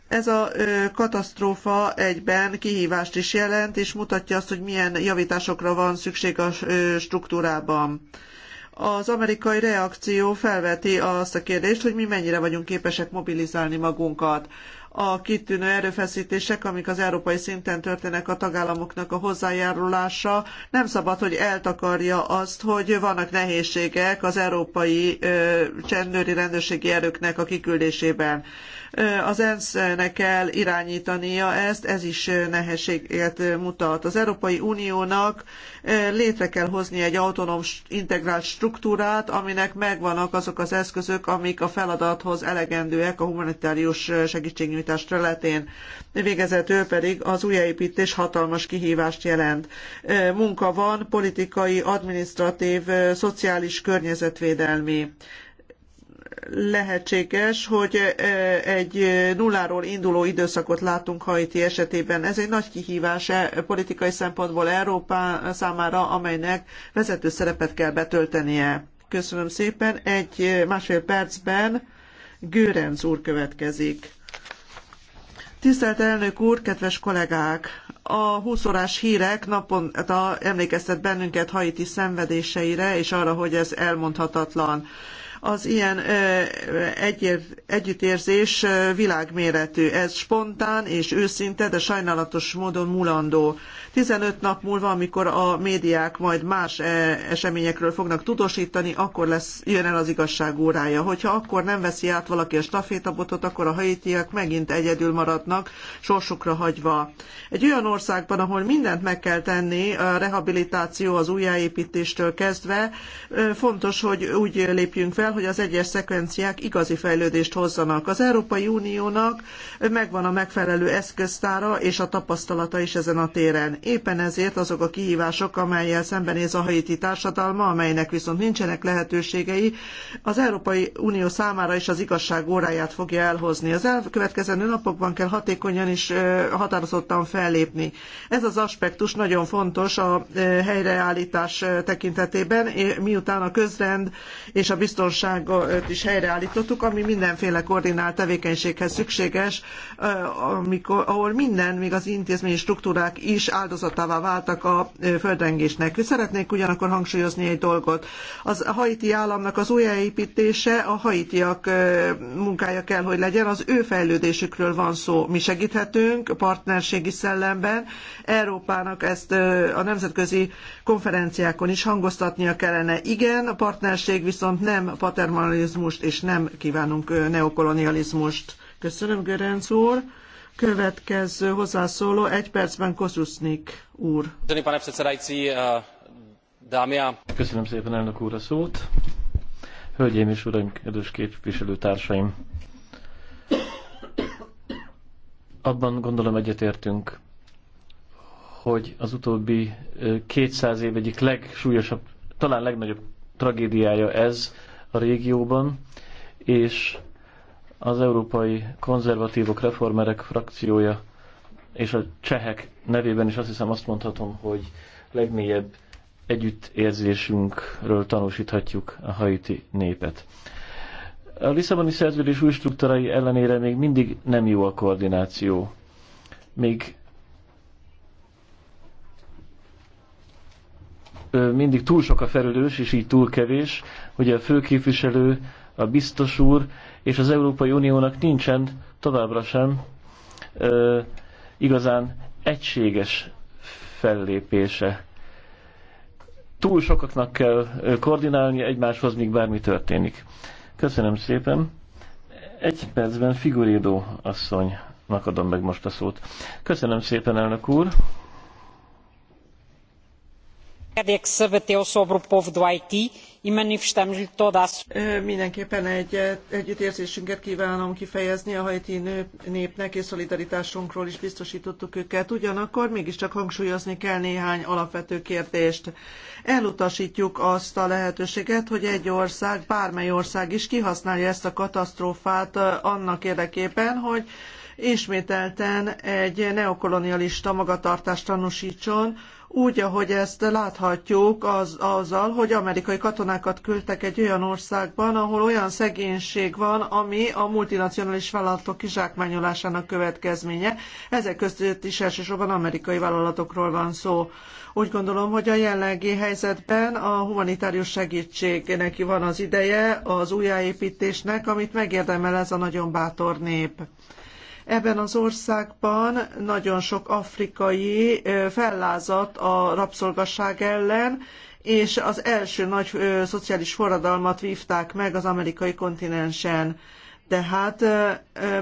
Speaker 2: Ez a katasztrófa egyben kihívást is jelent, és mutatja azt, hogy milyen javításokra van szükség a struktúrában. Az amerikai reakció felveti azt a kérdést, hogy mi mennyire vagyunk képesek mobilizálni magunkat a kitűnő erőfeszítések, amik az európai szinten történnek a tagállamoknak a hozzájárulása, nem szabad, hogy eltakarja azt, hogy vannak nehézségek az európai ö, csendőri rendőrségi erőknek a kiküldésében. az ENSZ-nek kell irányítania ezt, ez is nehézséget mutat. Az Európai Uniónak létre kell hozni egy autonóm integrált struktúrát, aminek megvannak azok az eszközök, amik a feladathoz elegendőek a humanitárius segítségnyújtáshoz modernitás területén. ő pedig az újjáépítés hatalmas kihívást jelent. Munka van, politikai, administratív, szociális, környezetvédelmi lehetséges, hogy egy nulláról induló időszakot látunk Haiti esetében. Ez egy nagy kihívás e, politikai szempontból Európa számára, amelynek vezető szerepet kell betöltenie. Köszönöm szépen. Egy másfél percben Gőrenc úr következik. Tisztelt elnök úr, kedves kollégák! A 20 órás hírek naponta hát emlékeztet bennünket Haiti szenvedéseire, és arra, hogy ez elmondhatatlan az ilyen együttérzés világméretű. Ez spontán és őszinte, de sajnálatos módon mulandó. 15 nap múlva, amikor a médiák majd más eh, eseményekről fognak tudósítani, akkor lesz, jön el az igazság órája. Hogyha akkor nem veszi át valaki a stafétabotot, akkor a haitiak megint egyedül maradnak, sorsukra hagyva. Egy olyan országban, ahol mindent meg kell tenni, a rehabilitáció, az újjáépítéstől kezdve, fontos, hogy úgy lépjünk fel, hogy az egyes szekvenciák igazi fejlődést hozzanak. Az Európai Uniónak megvan a megfelelő eszköztára és a tapasztalata is ezen a téren. Éppen ezért azok a kihívások, amelyel szembenéz a haiti társadalma, amelynek viszont nincsenek lehetőségei, az Európai Unió számára is az igazság óráját fogja elhozni. Az elkövetkezendő napokban kell hatékonyan és határozottan fellépni. Ez az aspektus nagyon fontos a helyreállítás tekintetében, miután a közrend és a biztonságot is helyreállítottuk, ami mindenféle koordinált tevékenységhez szükséges, amikor, ahol minden, még az intézményi struktúrák is áldozatokat áldozatává váltak a földrengésnek. Szeretnék ugyanakkor hangsúlyozni egy dolgot. Az haiti államnak az újjáépítése a haitiak munkája kell, hogy legyen. Az ő fejlődésükről van szó. Mi segíthetünk partnerségi szellemben. Európának ezt a nemzetközi konferenciákon is hangoztatnia kellene. Igen, a partnerség viszont nem paternalizmust, és nem kívánunk neokolonializmust. Köszönöm, Görenc úr. Következő hozzászóló egy percben Kosusznik úr. Eh,
Speaker 1: Köszönöm szépen elnök úr a szót. Hölgyeim és uraim, kedves képviselőtársaim! Abban gondolom egyetértünk, hogy az utóbbi 200 eh, év egyik legsúlyosabb, talán legnagyobb tragédiája ez a régióban, és az európai konzervatívok, reformerek frakciója és a csehek nevében is azt hiszem azt mondhatom, hogy legmélyebb együttérzésünkről tanúsíthatjuk a haiti népet. A Lisszaboni szerződés új struktúrai ellenére még mindig nem jó a koordináció. Még mindig túl sok a felelős, és így túl kevés, hogy a főképviselő, a biztos úr és az Európai Uniónak nincsen továbbra sem ö, igazán egységes fellépése. Túl sokaknak kell koordinálni egymáshoz, míg bármi történik. Köszönöm szépen. Egy percben Figurédó asszonynak adom meg most a szót. Köszönöm szépen, elnök úr.
Speaker 2: Mindenképpen egy együttérzésünket kívánom kifejezni a haiti népnek, és szolidaritásunkról is biztosítottuk őket. Ugyanakkor mégiscsak hangsúlyozni kell néhány alapvető kérdést. Elutasítjuk azt a lehetőséget, hogy egy ország, bármely ország is kihasználja ezt a katasztrófát annak érdekében, hogy ismételten egy neokolonialista magatartást tanúsítson, úgy, ahogy ezt láthatjuk az, azzal, hogy amerikai katonákat küldtek egy olyan országban, ahol olyan szegénység van, ami a multinacionális vállalatok kizsákmányolásának következménye. Ezek között is elsősorban amerikai vállalatokról van szó. Úgy gondolom, hogy a jelenlegi helyzetben a humanitárius neki van az ideje, az újjáépítésnek, amit megérdemel ez a nagyon bátor nép. Ebben az országban nagyon sok afrikai fellázadt a rabszolgasság ellen, és az első nagy szociális forradalmat vívták meg az amerikai kontinensen. De hát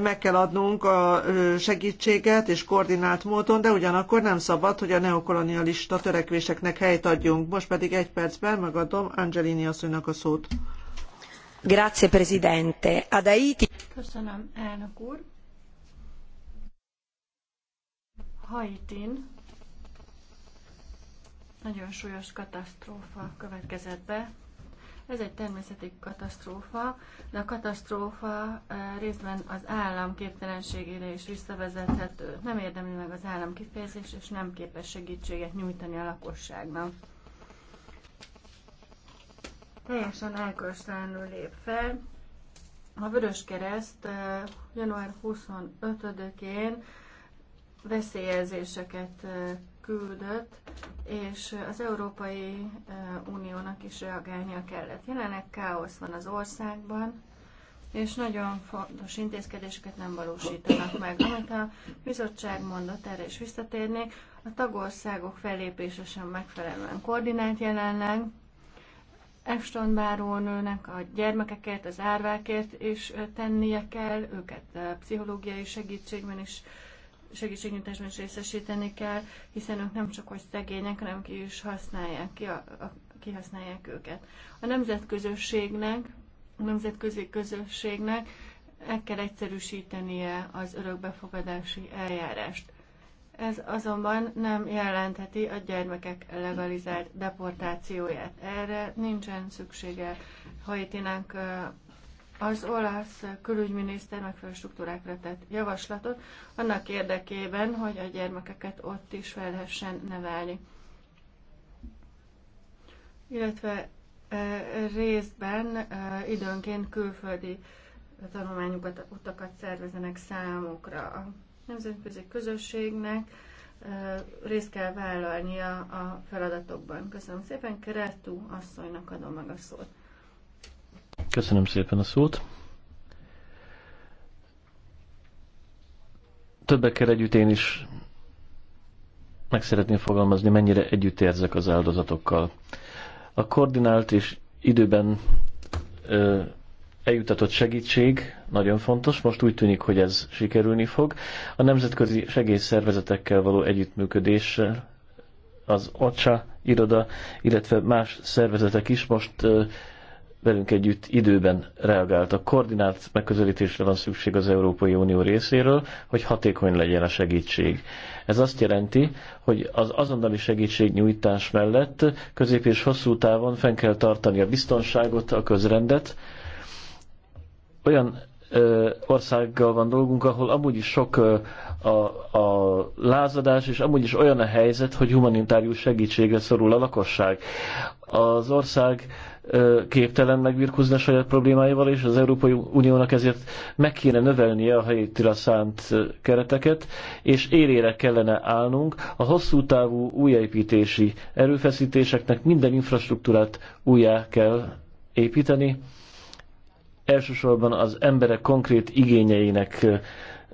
Speaker 2: meg kell adnunk a segítséget és koordinált módon, de ugyanakkor nem szabad, hogy a neokolonialista törekvéseknek helyt adjunk. Most pedig egy percben megadom Angelini asszonynak a szót. Grazie, Presidente. Ad Haiti...
Speaker 3: Köszönöm, elnök úr. Haitin nagyon súlyos katasztrófa következett be. Ez egy természeti katasztrófa, de a katasztrófa részben az állam képtelenségére is visszavezethető. Nem érdemli meg az állam kifejezés, és nem képes segítséget nyújtani a lakosságnak. Teljesen elköstelenül lép fel. A Vörös Kereszt január 25-én veszélyezéseket küldött, és az Európai Uniónak is reagálnia kellett. Jelenleg káosz van az országban, és nagyon fontos intézkedéseket nem valósítanak meg. Amit a bizottság mondott, erre is visszatérnék, a tagországok fellépése sem megfelelően koordinált jelenleg. Efston bárónőnek a gyermekekért, az árvákért is tennie kell, őket pszichológiai segítségben is segítségnyújtásban is részesíteni kell, hiszen ők nem csak hogy szegények, hanem ki is használják, ki a, a, kihasználják őket. A nemzetközösségnek, a nemzetközi közösségnek el kell egyszerűsítenie az örökbefogadási eljárást. Ez azonban nem jelentheti a gyermekek legalizált deportációját. Erre nincsen szüksége Haitinak az olasz külügyminiszter megfelelő tett javaslatot annak érdekében, hogy a gyermekeket ott is fel lehessen nevelni. Illetve e, részben e, időnként külföldi tanulmányokat, utakat szervezenek számukra. A nemzetközi közösségnek e, részt kell vállalnia a feladatokban. Köszönöm szépen, Keretú asszonynak adom meg a szót.
Speaker 1: Köszönöm szépen a szót. Többekkel együtt én is meg szeretném fogalmazni, mennyire együtt érzek az áldozatokkal. A koordinált és időben ö, eljutatott segítség nagyon fontos, most úgy tűnik, hogy ez sikerülni fog. A nemzetközi segélyszervezetekkel való együttműködés az OCSA iroda, illetve más szervezetek is most ö, velünk együtt időben reagált a Koordinált megközelítésre van szükség az Európai Unió részéről, hogy hatékony legyen a segítség. Ez azt jelenti, hogy az azonnali segítségnyújtás mellett közép és hosszú távon fenn kell tartani a biztonságot, a közrendet. Olyan ö, országgal van dolgunk, ahol amúgy is sok ö, a, a lázadás, és amúgy is olyan a helyzet, hogy humanitárius segítségre szorul a lakosság. Az ország képtelen megbirkózni a saját problémáival, és az Európai Uniónak ezért meg kéne növelnie a helyétire szánt kereteket, és érére kellene állnunk a hosszú távú újjáépítési erőfeszítéseknek minden infrastruktúrát újjá kell építeni, elsősorban az emberek konkrét igényeinek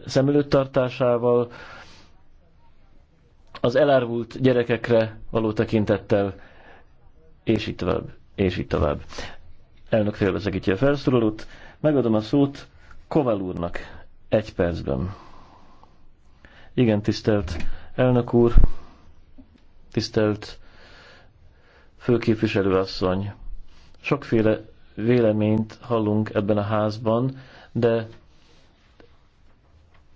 Speaker 1: szem tartásával, az elárvult gyerekekre való tekintettel, és így tovább és így tovább. Elnök félbeszakítja a felszólalót. Megadom a szót Koval úrnak egy percben. Igen, tisztelt elnök úr, tisztelt főképviselő asszony. Sokféle véleményt hallunk ebben a házban, de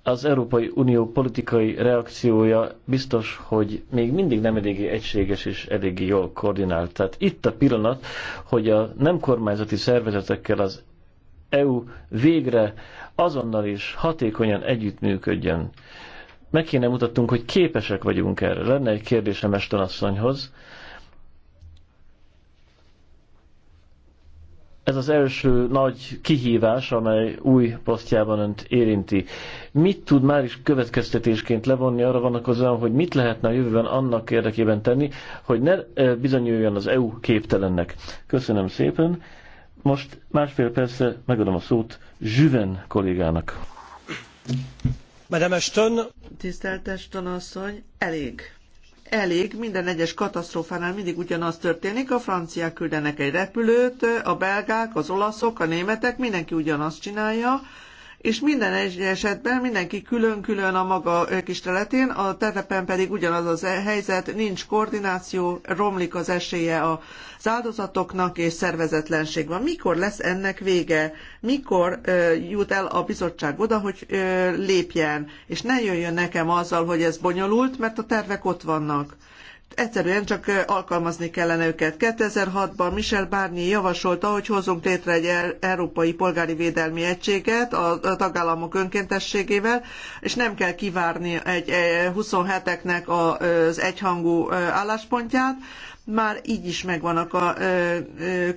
Speaker 1: az Európai Unió politikai reakciója biztos, hogy még mindig nem eléggé egységes és eléggé jól koordinált. Tehát itt a pillanat, hogy a nem kormányzati szervezetekkel az EU végre azonnal is hatékonyan együttműködjön. Meg kéne mutatnunk, hogy képesek vagyunk erre. Lenne egy kérdésem Estonasszonyhoz. asszonyhoz. ez az első nagy kihívás, amely új posztjában önt érinti. Mit tud már is következtetésként levonni arra vannak az olyan, hogy mit lehetne a jövőben annak érdekében tenni, hogy ne eh, bizonyuljon az EU képtelennek. Köszönöm szépen. Most másfél percre megadom a szót Zsüven kollégának.
Speaker 2: Madame Ashton. Tisztelt Ashton asszony, elég elég, minden egyes katasztrófánál mindig ugyanaz történik, a franciák küldenek egy repülőt, a belgák, az olaszok, a németek, mindenki ugyanazt csinálja, és minden egy esetben mindenki külön-külön a maga kis területén, a telepen pedig ugyanaz az e- helyzet, nincs koordináció, romlik az esélye az áldozatoknak, és szervezetlenség van. Mikor lesz ennek vége? Mikor jut el a bizottság oda, hogy lépjen, és ne jöjjön nekem azzal, hogy ez bonyolult, mert a tervek ott vannak egyszerűen csak alkalmazni kellene őket. 2006-ban Michel Barnier javasolta, hogy hozzunk létre egy er-, európai polgári védelmi egységet a tagállamok önkéntességével, és nem kell kivárni egy 27-eknek az egyhangú álláspontját, már így is megvannak a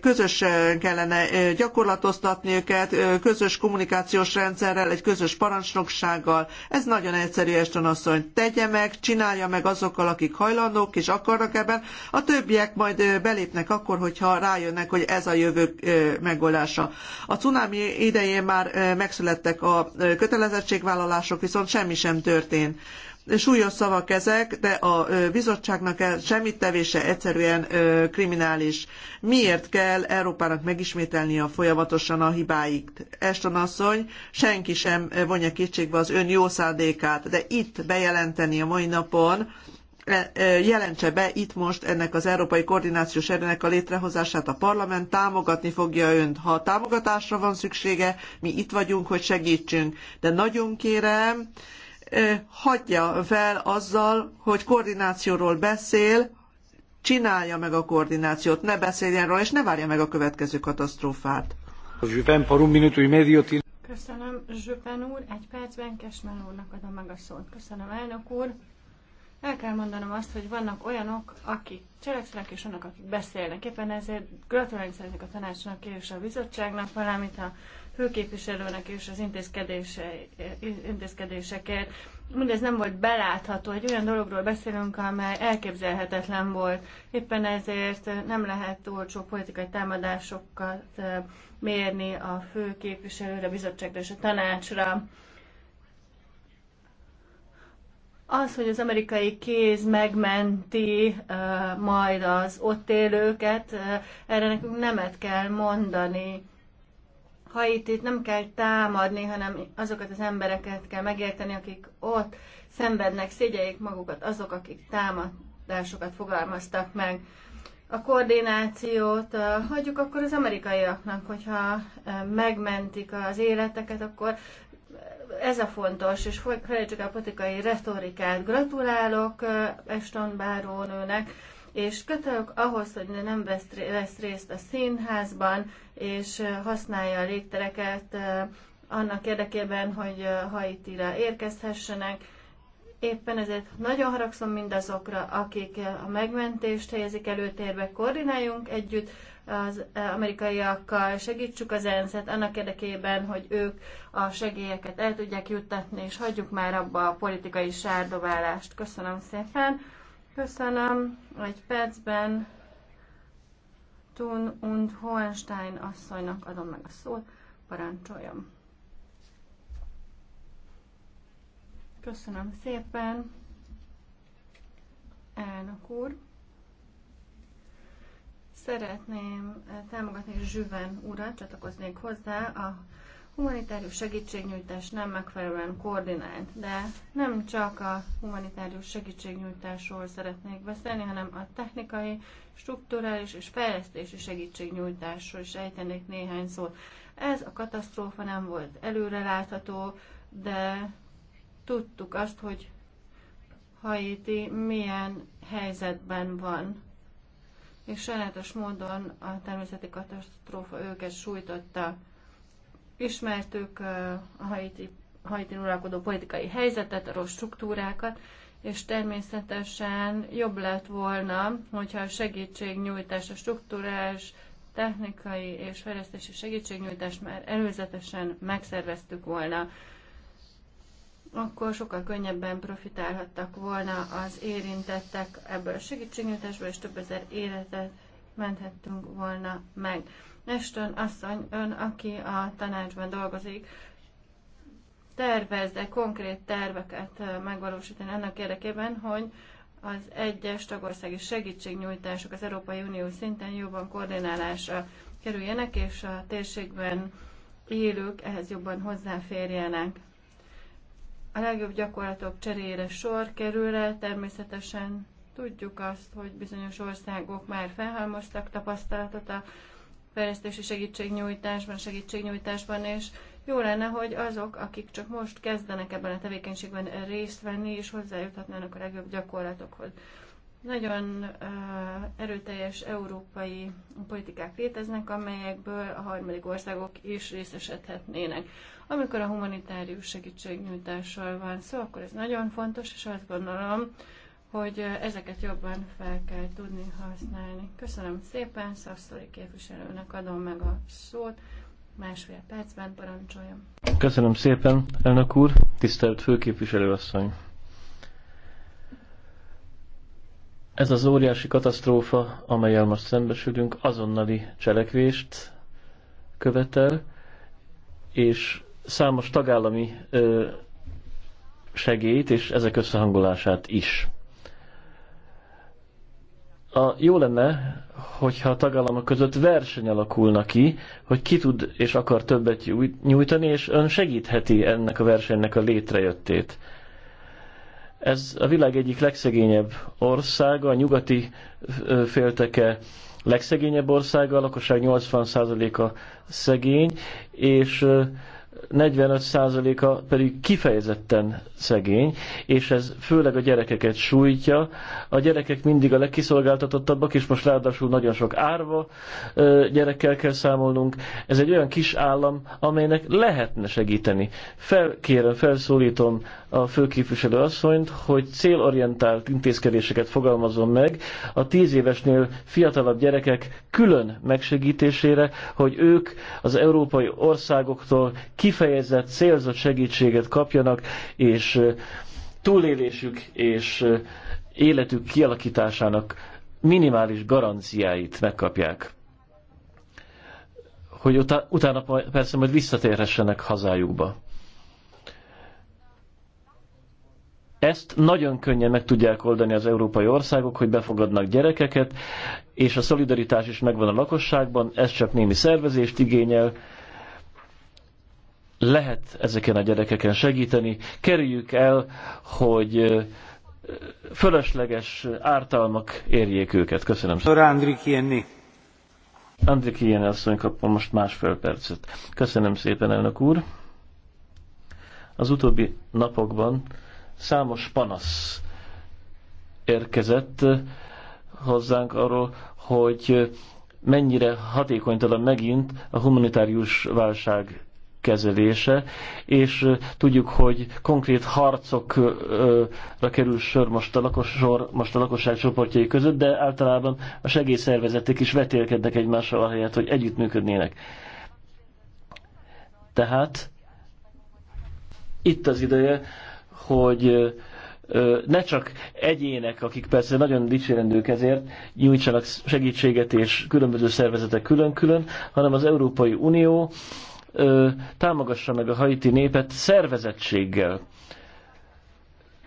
Speaker 2: közösen kellene gyakorlatoztatni őket, közös kommunikációs rendszerrel, egy közös parancsnoksággal. Ez nagyon egyszerű, Eston asszony. Tegye meg, csinálja meg azokkal, akik hajlandók és akarnak ebben. A többiek majd belépnek akkor, hogyha rájönnek, hogy ez a jövő megoldása. A cunami idején már megszülettek a kötelezettségvállalások, viszont semmi sem történt. Súlyos szavak ezek, de a bizottságnak e- semmit tevése egyszerűen kriminális. Miért kell Európának a folyamatosan a hibáit? Eston asszony, senki sem vonja kétségbe az ön jó szándékát, de itt bejelenteni a mai napon, e, e, jelentse be itt most ennek az európai koordinációs erőnek a létrehozását. A parlament támogatni fogja önt. Ha támogatásra van szüksége, mi itt vagyunk, hogy segítsünk. De nagyon kérem, hagyja fel azzal, hogy koordinációról beszél, csinálja meg a koordinációt, ne beszéljen róla, és ne várja meg a következő katasztrófát.
Speaker 3: Köszönöm, úr. Egy percben Kesmen úrnak adom meg a szót. Köszönöm, elnök úr. El kell mondanom azt, hogy vannak olyanok, akik cselekszenek, és vannak, akik beszélnek. Éppen ezért gratulálni szeretnék a tanácsnak és a bizottságnak, valamint a főképviselőnek és az intézkedése, intézkedéseket. Mindez nem volt belátható, egy olyan dologról beszélünk, amely elképzelhetetlen volt. Éppen ezért nem lehet olcsó politikai támadásokat eh, mérni a főképviselőre, a bizottságra és a tanácsra. Az, hogy az amerikai kéz megmenti uh, majd az ott élőket, uh, erre nekünk nemet kell mondani Haitit nem kell támadni, hanem azokat az embereket kell megérteni, akik ott szenvednek, szégyeljék magukat azok, akik támadásokat fogalmaztak meg. A koordinációt hagyjuk akkor az amerikaiaknak, hogyha megmentik az életeket, akkor ez a fontos, és felejtsük a politikai retorikát. Gratulálok Eston Bárónőnek, és kötök ahhoz, hogy nem vesz részt a színházban, és használja a légtereket annak érdekében, hogy Haitira érkezhessenek. Éppen ezért nagyon haragszom mindazokra, akik a megmentést helyezik előtérbe, koordináljunk együtt az amerikaiakkal, segítsük az ensz annak érdekében, hogy ők a segélyeket el tudják juttatni, és hagyjuk már abba a politikai sárdobálást. Köszönöm szépen! Köszönöm. Egy percben Thun und Hohenstein asszonynak adom meg a szót. Parancsoljam. Köszönöm szépen. Elnök úr. Szeretném támogatni Zsüven urat, csatlakoznék hozzá a humanitárius segítségnyújtás nem megfelelően koordinált, de nem csak a humanitárius segítségnyújtásról szeretnék beszélni, hanem a technikai, strukturális és fejlesztési segítségnyújtásról is ejtenék néhány szót. Ez a katasztrófa nem volt előrelátható, de tudtuk azt, hogy Haiti milyen helyzetben van. És sajnálatos módon a természeti katasztrófa őket sújtotta. Ismertük a haiti, haiti uralkodó politikai helyzetet, a rossz struktúrákat, és természetesen jobb lett volna, hogyha a segítségnyújtás, a struktúrás, technikai és fejlesztési segítségnyújtást már előzetesen megszerveztük volna akkor sokkal könnyebben profitálhattak volna az érintettek ebből a segítségnyújtásból, és több ezer életet menthettünk volna meg. Eston asszony, ön, aki a tanácsban dolgozik, tervezde konkrét terveket megvalósítani annak érdekében, hogy az egyes tagországi segítségnyújtások az Európai Unió szinten jobban koordinálásra kerüljenek, és a térségben élők ehhez jobban hozzáférjenek. A legjobb gyakorlatok cserére sor kerül el, természetesen tudjuk azt, hogy bizonyos országok már felhalmoztak tapasztalatot a fejlesztési segítségnyújtásban, segítségnyújtásban, és jó lenne, hogy azok, akik csak most kezdenek ebben a tevékenységben részt venni, és hozzájuthatnának a legjobb gyakorlatokhoz. Nagyon uh, erőteljes európai politikák léteznek, amelyekből a harmadik országok is részesedhetnének. Amikor a humanitárius segítségnyújtással van szó, akkor ez nagyon fontos, és azt gondolom, hogy ezeket jobban fel kell tudni használni. Köszönöm szépen, Szaszoli képviselőnek adom meg a szót, másfél percben parancsoljam.
Speaker 1: Köszönöm szépen, elnök úr, tisztelt főképviselőasszony. Ez az óriási katasztrófa, amelyel most szembesülünk, azonnali cselekvést követel, és számos tagállami segélyt és ezek összehangolását is a, jó lenne, hogyha a tagállamok között verseny alakulna ki, hogy ki tud és akar többet nyújtani, és ön segítheti ennek a versenynek a létrejöttét. Ez a világ egyik legszegényebb országa, a nyugati félteke legszegényebb országa, a lakosság 80%-a szegény, és 45%-a pedig kifejezetten szegény, és ez főleg a gyerekeket sújtja. A gyerekek mindig a legkiszolgáltatottabbak, és most ráadásul nagyon sok árva gyerekkel kell számolnunk. Ez egy olyan kis állam, amelynek lehetne segíteni. Felkérem, felszólítom a főképviselő asszonyt, hogy célorientált intézkedéseket fogalmazom meg a 10 évesnél fiatalabb gyerekek külön megsegítésére, hogy ők az európai országoktól kifejezetten kifejezett, célzott segítséget kapjanak, és túlélésük és életük kialakításának minimális garanciáit megkapják. Hogy utána persze majd visszatérhessenek hazájukba. Ezt nagyon könnyen meg tudják oldani az európai országok, hogy befogadnak gyerekeket, és a szolidaritás is megvan a lakosságban, ez csak némi szervezést igényel, lehet ezeken a gyerekeken segíteni. Kerüljük el, hogy fölösleges ártalmak érjék őket. Köszönöm szépen. Andrik Jenni. Andrik Jenni asszony kapom most másfél percet. Köszönöm szépen, elnök úr. Az utóbbi napokban számos panasz érkezett hozzánk arról, hogy mennyire hatékonytalan megint a humanitárius válság kezelése, és tudjuk, hogy konkrét harcokra kerül sor most a, lakos, sor most a lakosság csoportjai között, de általában a segélyszervezetek is vetélkednek egymással ahelyett, hogy együttműködnének. Tehát itt az ideje, hogy ne csak egyének, akik persze nagyon dicsérendők ezért, nyújtsanak segítséget és különböző szervezetek külön-külön, hanem az Európai Unió ö, támogassa meg a haiti népet szervezettséggel.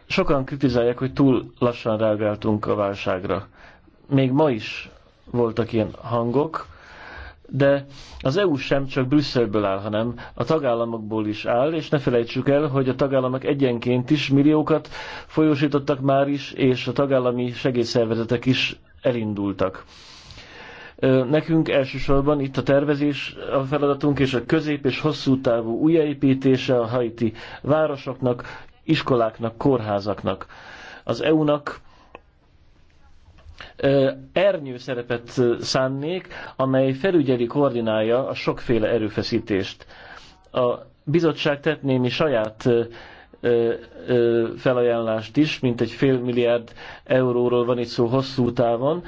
Speaker 1: Sokan kritizálják, hogy túl lassan reagáltunk a válságra. Még ma is voltak ilyen hangok, de az EU sem csak Brüsszelből áll, hanem a tagállamokból is áll, és ne felejtsük el, hogy a tagállamok egyenként is milliókat folyósítottak már is, és a tagállami segélyszervezetek is elindultak. Nekünk elsősorban itt a tervezés a feladatunk, és a közép- és hosszú távú újjáépítése a haiti városoknak, iskoláknak, kórházaknak. Az EU-nak ernyő szerepet szánnék, amely felügyeli, koordinálja a sokféle erőfeszítést. A bizottság tett némi saját felajánlást is, mint egy fél milliárd euróról van itt szó hosszú távon,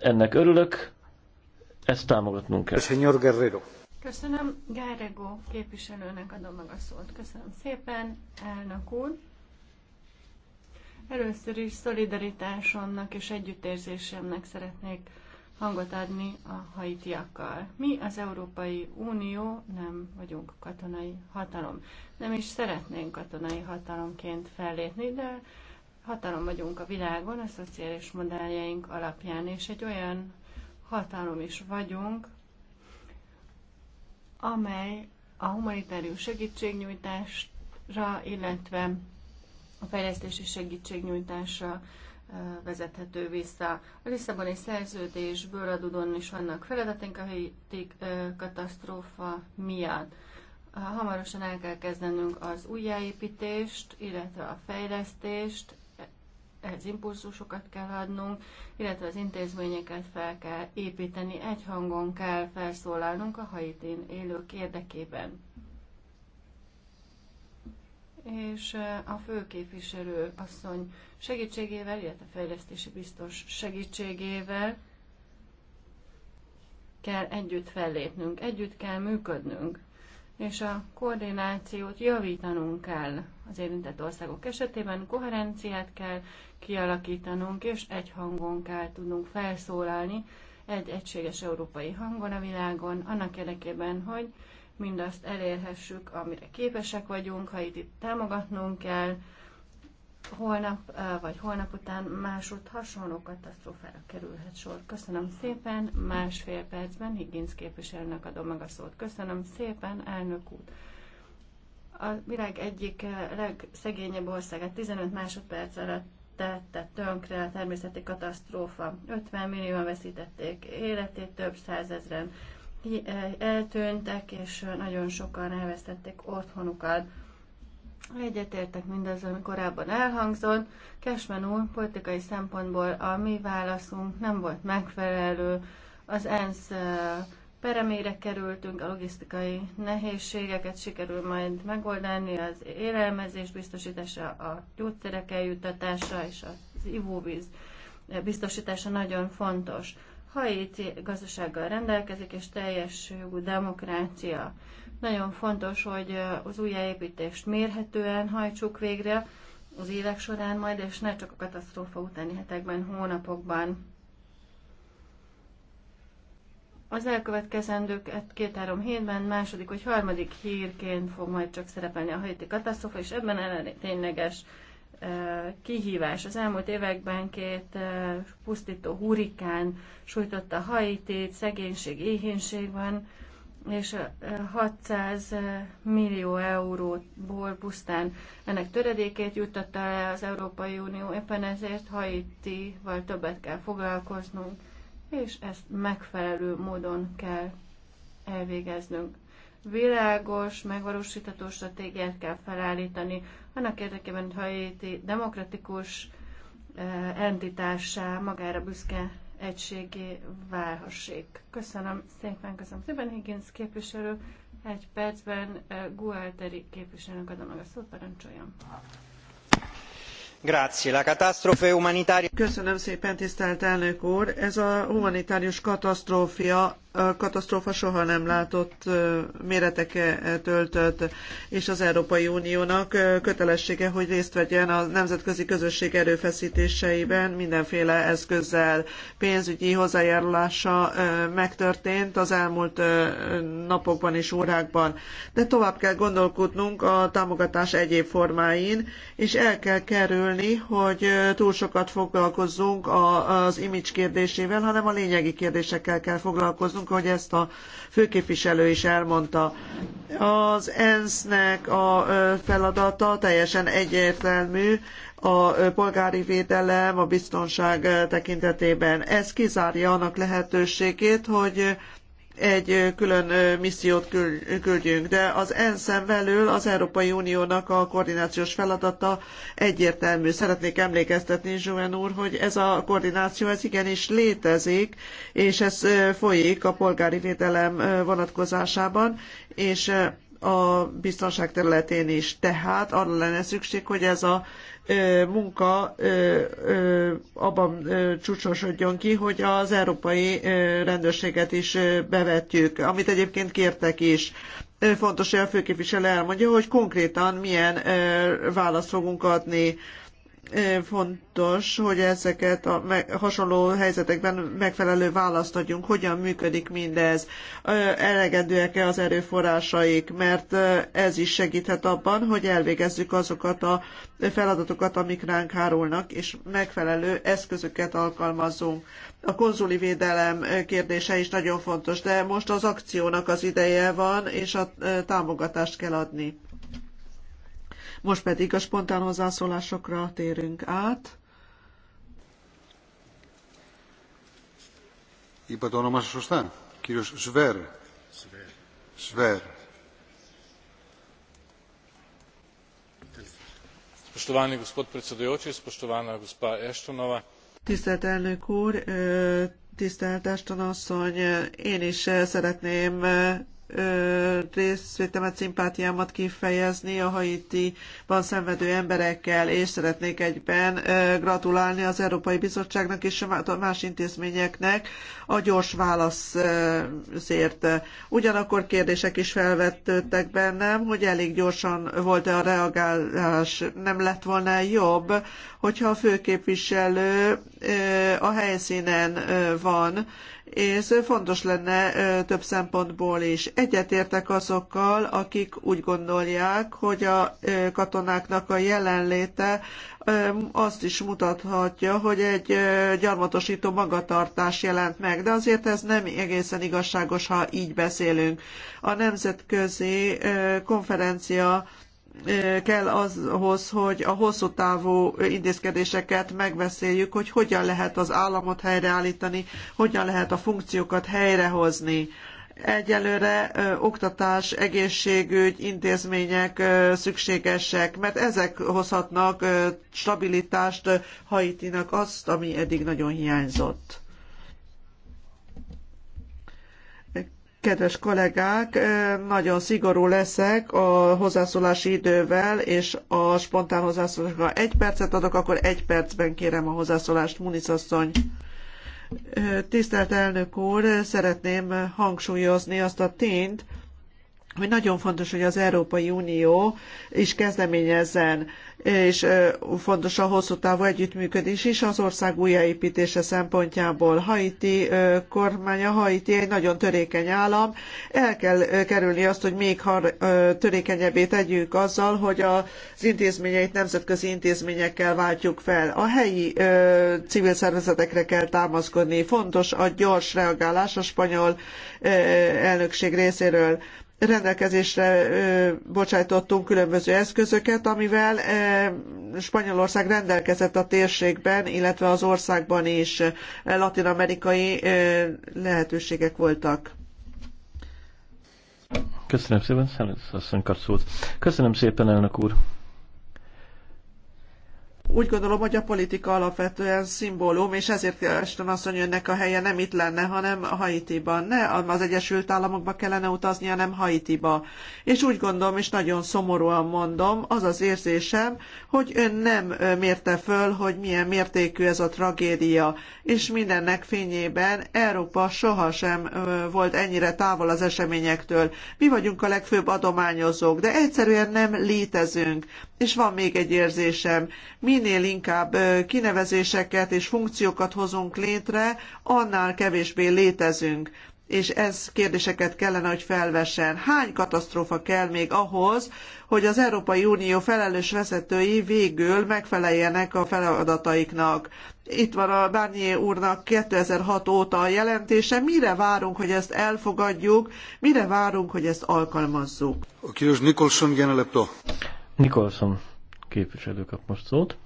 Speaker 1: ennek örülök, ezt támogatnunk kell. Señor Guerrero.
Speaker 3: Köszönöm. Gárego képviselőnek adom meg a szót. Köszönöm szépen, elnök úr. Először is szolidaritásomnak és együttérzésemnek szeretnék hangot adni a haitiakkal. Mi az Európai Unió nem vagyunk katonai hatalom. Nem is szeretnénk katonai hatalomként fellépni, de hatalom vagyunk a világon a szociális modelljeink alapján, és egy olyan hatalom is vagyunk, amely a humanitárius segítségnyújtásra, illetve a fejlesztési segítségnyújtásra vezethető vissza. A Lisszaboni szerződésből adódóan is vannak feladataink a helyi katasztrófa miatt. Hamarosan el kell kezdenünk az újjáépítést, illetve a fejlesztést, ehhez impulzusokat kell adnunk, illetve az intézményeket fel kell építeni, egy hangon kell felszólalnunk a haitin élők érdekében. És a főképviselő asszony segítségével, illetve fejlesztési biztos segítségével kell együtt fellépnünk, együtt kell működnünk és a koordinációt javítanunk kell az érintett országok esetében, koherenciát kell kialakítanunk, és egy hangon kell tudnunk felszólalni, egy egységes európai hangon a világon, annak érdekében, hogy mindazt elérhessük, amire képesek vagyunk, ha itt, itt támogatnunk kell, holnap vagy holnap után másút hasonló katasztrófára kerülhet sor. Köszönöm szépen, másfél percben Higgins képviselőnek adom meg a szót. Köszönöm szépen, elnök úr. A világ egyik legszegényebb országa 15 másodperc alatt tette tönkre a természeti katasztrófa. 50 millióan veszítették életét, több százezren eltűntek, és nagyon sokan elvesztették otthonukat Egyetértek mindaz, ami korábban elhangzott. Kesmen úr, politikai szempontból a mi válaszunk nem volt megfelelő. Az ENSZ peremére kerültünk, a logisztikai nehézségeket sikerül majd megoldani, az élelmezés biztosítása, a gyógyszerek eljuttatása és az ivóvíz biztosítása nagyon fontos. itt gazdasággal rendelkezik, és teljes jogú demokrácia. Nagyon fontos, hogy az újjáépítést mérhetően hajtsuk végre az évek során majd, és ne csak a katasztrófa utáni hetekben, hónapokban. Az elkövetkezendők e- két-három hétben második vagy harmadik hírként fog majd csak szerepelni a haiti katasztrófa, és ebben ellen tényleges kihívás. Az elmúlt években két pusztító hurikán sújtotta Haitit, szegénység, éhénység van, és 600 millió euróból pusztán ennek töredékét juttatta le az Európai Unió, éppen ezért Haiti-val többet kell foglalkoznunk, és ezt megfelelő módon kell elvégeznünk. Világos, megvalósítható stratégiát kell felállítani, annak érdekében, hogy Haiti demokratikus entitássá magára büszke egységé válhassék. Köszönöm szépen, köszönöm szépen, Higgins képviselő. Egy percben eh, Gualteri képviselőnek adom meg a szót, parancsoljon.
Speaker 2: Köszönöm szépen, tisztelt elnök úr! Ez a humanitárius katasztrófa soha nem látott méreteket öltött, és az Európai Uniónak kötelessége, hogy részt vegyen a nemzetközi közösség erőfeszítéseiben mindenféle eszközzel. Pénzügyi hozzájárulása megtörtént az elmúlt napokban és órákban. De tovább kell gondolkodnunk a támogatás egyéb formáin, és el kell kerülni, kerülni, hogy túl sokat foglalkozzunk az image kérdésével, hanem a lényegi kérdésekkel kell foglalkoznunk, hogy ezt a főképviselő is elmondta. Az ENSZ-nek a feladata teljesen egyértelmű, a polgári védelem, a biztonság tekintetében. Ez kizárja annak lehetőségét, hogy egy külön missziót küldjünk, de az ENSZ-en belül az Európai Uniónak a koordinációs feladata egyértelmű. Szeretnék emlékeztetni, Zsuen úr, hogy ez a koordináció, ez igenis létezik, és ez folyik a polgári védelem vonatkozásában, és a biztonság területén is. Tehát arra lenne szükség, hogy ez a munka abban csúcsosodjon ki, hogy az európai rendőrséget is bevetjük, amit egyébként kértek is fontos, hogy a főképviselő elmondja, hogy konkrétan milyen választ fogunk adni. Eh, fontos, hogy ezeket a hasonló helyzetekben megfelelő választ adjunk, hogyan működik mindez, eh, elegendőek-e az erőforrásaik, mert eh, ez is segíthet abban, hogy elvégezzük azokat a feladatokat, amik ránk hárulnak, és megfelelő eszközöket alkalmazzunk. A konzuli védelem kérdése is nagyon fontos, de most az akciónak az ideje van, és a támogatást kell adni. Most pedig a spontán hozzászólásokra térünk át.
Speaker 3: Είπα το όνομα σας σωστά.
Speaker 1: Κύριος Σβέρ. Σβέρ. Spoštovani gospod predsedujoči, spoštovana
Speaker 2: Tisztelt elnök úr, tisztelt Ashton asszony, én is szeretném részvétemet, szimpátiámat kifejezni a van szenvedő emberekkel, és szeretnék egyben gratulálni az Európai Bizottságnak és a más intézményeknek a gyors válaszért. Ugyanakkor kérdések is felvetődtek bennem, hogy elég gyorsan volt-e a reagálás, nem lett volna jobb, hogyha a főképviselő a helyszínen van, ez fontos lenne több szempontból is. Egyetértek azokkal, akik úgy gondolják, hogy a katonáknak a jelenléte azt is mutathatja, hogy egy gyarmatosító magatartás jelent meg, de azért ez nem egészen igazságos, ha így beszélünk. A nemzetközi konferencia kell ahhoz, hogy a hosszú távú intézkedéseket megbeszéljük, hogy hogyan lehet az államot helyreállítani, hogyan lehet a funkciókat helyrehozni. Egyelőre ö, oktatás, egészségügy, intézmények ö, szükségesek, mert ezek hozhatnak ö, stabilitást Haitinak azt, ami eddig nagyon hiányzott. kedves kollégák, nagyon szigorú leszek a hozzászólási idővel, és a spontán hozzászólásra egy percet adok, akkor egy percben kérem a hozzászólást, Munic asszony. Tisztelt elnök úr, szeretném hangsúlyozni azt a tényt, hogy nagyon fontos, hogy az Európai Unió is kezdeményezzen, és fontos a hosszú távú együttműködés is az ország újjáépítése szempontjából. Haiti kormánya, Haiti egy nagyon törékeny állam, el kell kerülni azt, hogy még törékenyebbé tegyük azzal, hogy az intézményeit nemzetközi intézményekkel váltjuk fel. A helyi civil szervezetekre kell támaszkodni. Fontos a gyors reagálás a spanyol elnökség részéről rendelkezésre bocsájtottunk különböző eszközöket, amivel Spanyolország rendelkezett a térségben, illetve az országban is latin-amerikai lehetőségek voltak.
Speaker 1: Köszönöm szépen, Szenes asszony Köszönöm szépen, elnök úr
Speaker 2: úgy gondolom, hogy a politika alapvetően szimbólum, és ezért Eston asszony önnek a helye nem itt lenne, hanem Haitiban. Ne az Egyesült Államokba kellene utazni, hanem Haitiba. És úgy gondolom, és nagyon szomorúan mondom, az az érzésem, hogy ön nem mérte föl, hogy milyen mértékű ez a tragédia. És mindennek fényében Európa sohasem volt ennyire távol az eseményektől. Mi vagyunk a legfőbb adományozók, de egyszerűen nem létezünk. És van még egy érzésem. Mind minél inkább kinevezéseket és funkciókat hozunk létre, annál kevésbé létezünk és ez kérdéseket kellene, hogy felvessen. Hány katasztrófa kell még ahhoz, hogy az Európai Unió felelős vezetői végül megfeleljenek a feladataiknak? Itt van a Barnier úrnak 2006 óta a jelentése. Mire várunk, hogy ezt elfogadjuk? Mire várunk, hogy ezt alkalmazzuk? A kíros Nicholson
Speaker 1: Nicholson képviselő kap most szót.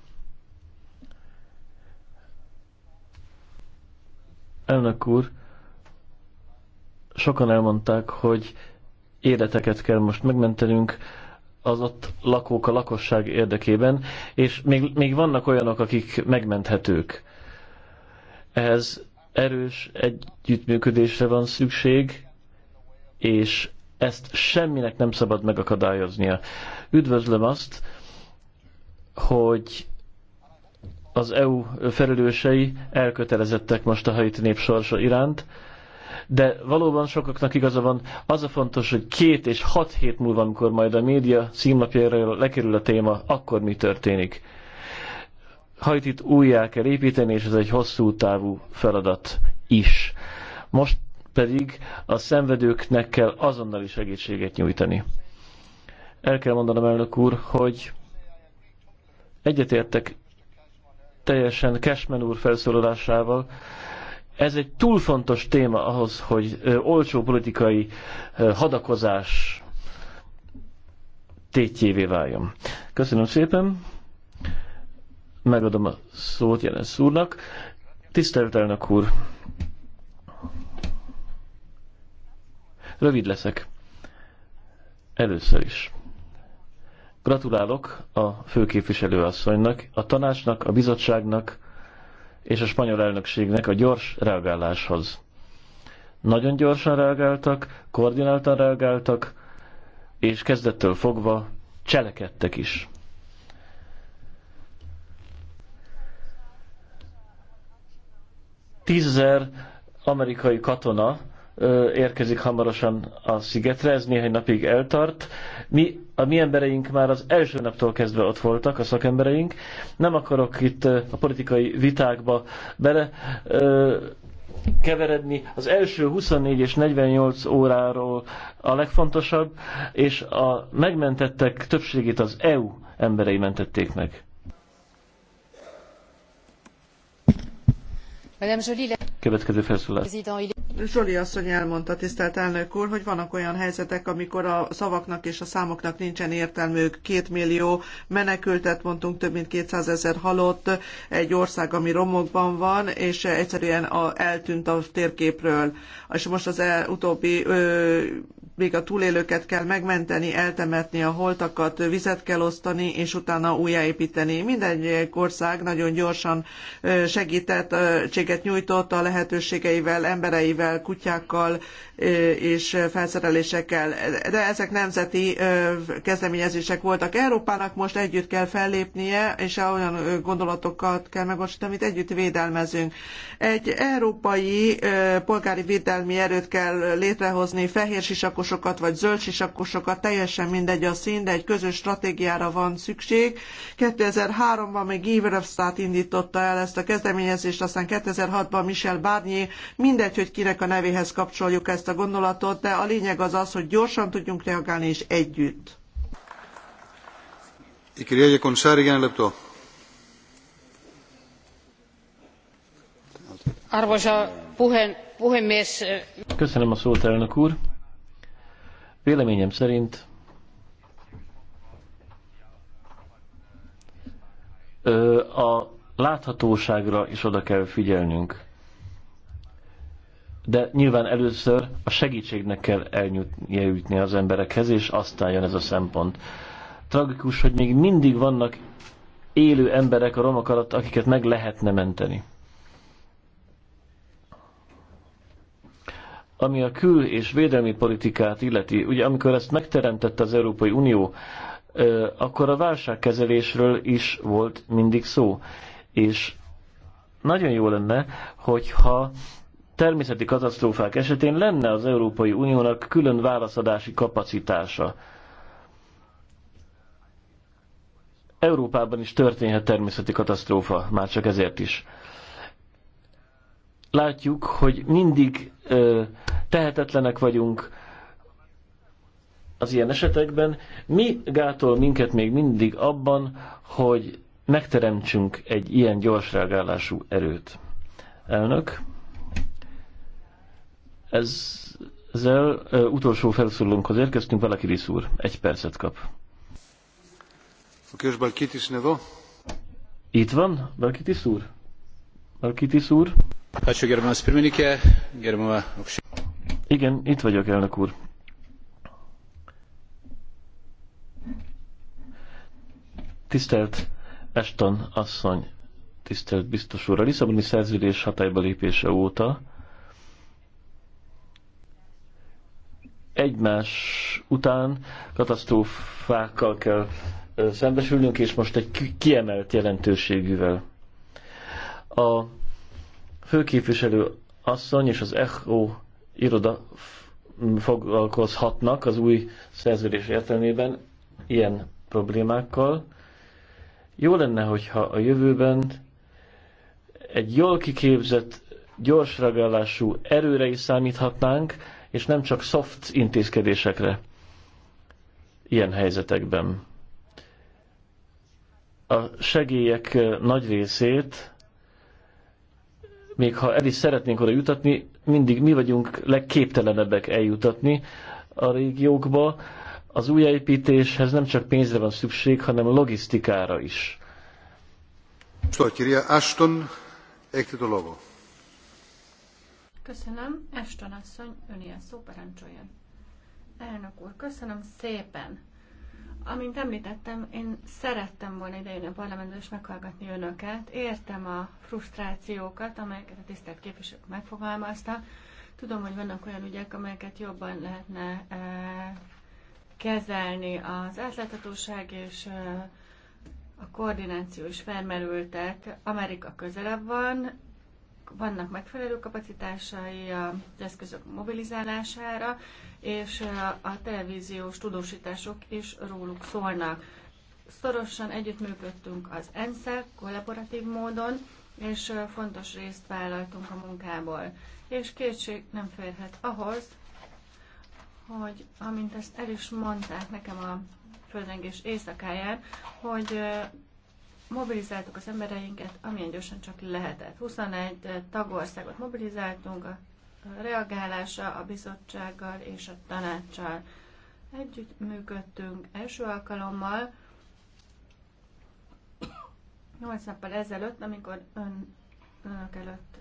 Speaker 1: Elnök úr, sokan elmondták, hogy életeket kell most megmentenünk az ott lakók, a lakosság érdekében, és még, még vannak olyanok, akik megmenthetők. Ehhez erős együttműködésre van szükség, és ezt semminek nem szabad megakadályoznia. Üdvözlöm azt, hogy az EU felelősei elkötelezettek most a haiti nép sorsa iránt, de valóban sokaknak igaza van, az a fontos, hogy két és hat hét múlva, amikor majd a média címlapjára lekerül a téma, akkor mi történik. Hajtit újjá kell építeni, és ez egy hosszú távú feladat is. Most pedig a szenvedőknek kell azonnali segítséget nyújtani. El kell mondanom, elnök úr, hogy egyetértek teljesen Cashman úr felszólalásával. Ez egy túl fontos téma ahhoz, hogy olcsó politikai hadakozás tétjévé váljon. Köszönöm szépen. Megadom a szót Jelensz úrnak. Tisztelt elnök úr! Rövid leszek. Először is. Gratulálok a főképviselő asszonynak, a tanácsnak, a bizottságnak és a spanyol elnökségnek a gyors reagáláshoz. Nagyon gyorsan reagáltak, koordináltan reagáltak, és kezdettől fogva cselekedtek is. Tízezer amerikai katona érkezik hamarosan a szigetre, ez néhány napig eltart. Mi, a mi embereink már az első naptól kezdve ott voltak, a szakembereink. Nem akarok itt a politikai vitákba bele keveredni. Az első 24 és 48 óráról a legfontosabb, és a megmentettek többségét az EU emberei mentették meg.
Speaker 2: Madame Jolie, Következő felszólás. Zsoli asszony elmondta, tisztelt elnök úr, hogy vannak olyan helyzetek, amikor a szavaknak és a számoknak nincsen értelmük. Két millió menekültet mondtunk, több mint 200 ezer halott, egy ország, ami romokban van, és egyszerűen a, eltűnt a térképről. És most az el, utóbbi ö, még a túlélőket kell megmenteni, eltemetni a holtakat, vizet kell osztani, és utána újjáépíteni. Minden ország nagyon gyorsan segített, cséget nyújtott a lehetőségeivel, embereivel, kutyákkal és felszerelésekkel. De ezek nemzeti kezdeményezések voltak. Európának most együtt kell fellépnie, és olyan gondolatokat kell megosztani, amit együtt védelmezünk. Egy európai polgári védelmi erőt kell létrehozni, fehér sisakos sisakosokat vagy zöld sisakosokat, teljesen mindegy a szín, de egy közös stratégiára van szükség. 2003-ban még Guy Verhofstadt indította el ezt a kezdeményezést, aztán 2006-ban Michel Barnier, mindegy, hogy kinek a nevéhez kapcsoljuk ezt a gondolatot, de a lényeg az az, hogy gyorsan tudjunk reagálni és együtt.
Speaker 3: Η κυρία puhemies.
Speaker 1: Köszönöm a szót, elnök úr. Véleményem szerint a láthatóságra is oda kell figyelnünk. De nyilván először a segítségnek kell eljutni az emberekhez, és aztán jön ez a szempont. Tragikus, hogy még mindig vannak élő emberek a romok alatt, akiket meg lehetne menteni. Ami a kül- és védelmi politikát illeti, ugye amikor ezt megteremtette az Európai Unió, akkor a válságkezelésről is volt mindig szó. És nagyon jó lenne, hogyha természeti katasztrófák esetén lenne az Európai Uniónak külön válaszadási kapacitása. Európában is történhet természeti katasztrófa, már csak ezért is látjuk, hogy mindig ö, tehetetlenek vagyunk az ilyen esetekben. Mi gátol minket még mindig abban, hogy megteremtsünk egy ilyen gyors reagálású erőt? Elnök, ezzel ö, utolsó felszólónkhoz érkeztünk, valaki úr, egy percet kap. Itt van, Balkitis úr? Balkitis úr? Igen, itt vagyok, elnök úr. Tisztelt Eston asszony, tisztelt biztos úr, a Lisszaboni szerződés hatályba lépése óta egymás után katasztrófákkal kell szembesülnünk, és most egy kiemelt jelentőségűvel. A főképviselő asszony és az ECHO iroda foglalkozhatnak az új szerződés értelmében ilyen problémákkal. Jó lenne, hogyha a jövőben egy jól kiképzett, gyors reagálású erőre is számíthatnánk, és nem csak soft intézkedésekre ilyen helyzetekben. A segélyek nagy részét még ha el is szeretnénk oda jutatni, mindig mi vagyunk legképtelenebbek eljutatni a régiókba. Az újjáépítéshez nem csak pénzre van szükség, hanem logisztikára is.
Speaker 3: Szóval, Ashton, Köszönöm. Ashton asszony, önél szó Elnök úr, köszönöm szépen. Amint említettem, én szerettem volna idejönni a parlamentbe és meghallgatni önöket. Értem a frusztrációkat, amelyeket a tisztelt képviselők megfogalmaztak. Tudom, hogy vannak olyan ügyek, amelyeket jobban lehetne e, kezelni. Az átláthatóság és e, a koordináció is felmerültek. Amerika közelebb van, vannak megfelelő kapacitásai az eszközök mobilizálására, és a televíziós tudósítások is róluk szólnak. Szorosan együttműködtünk az ensz kollaboratív módon, és fontos részt vállaltunk a munkából. És kétség nem férhet ahhoz, hogy amint ezt el is mondták nekem a földrengés éjszakáján, hogy mobilizáltuk az embereinket, amilyen gyorsan csak lehetett. 21 tagországot mobilizáltunk, a reagálása a bizottsággal és a tanácssal együtt működtünk első alkalommal, 8 nappal ezelőtt, amikor ön, önök előtt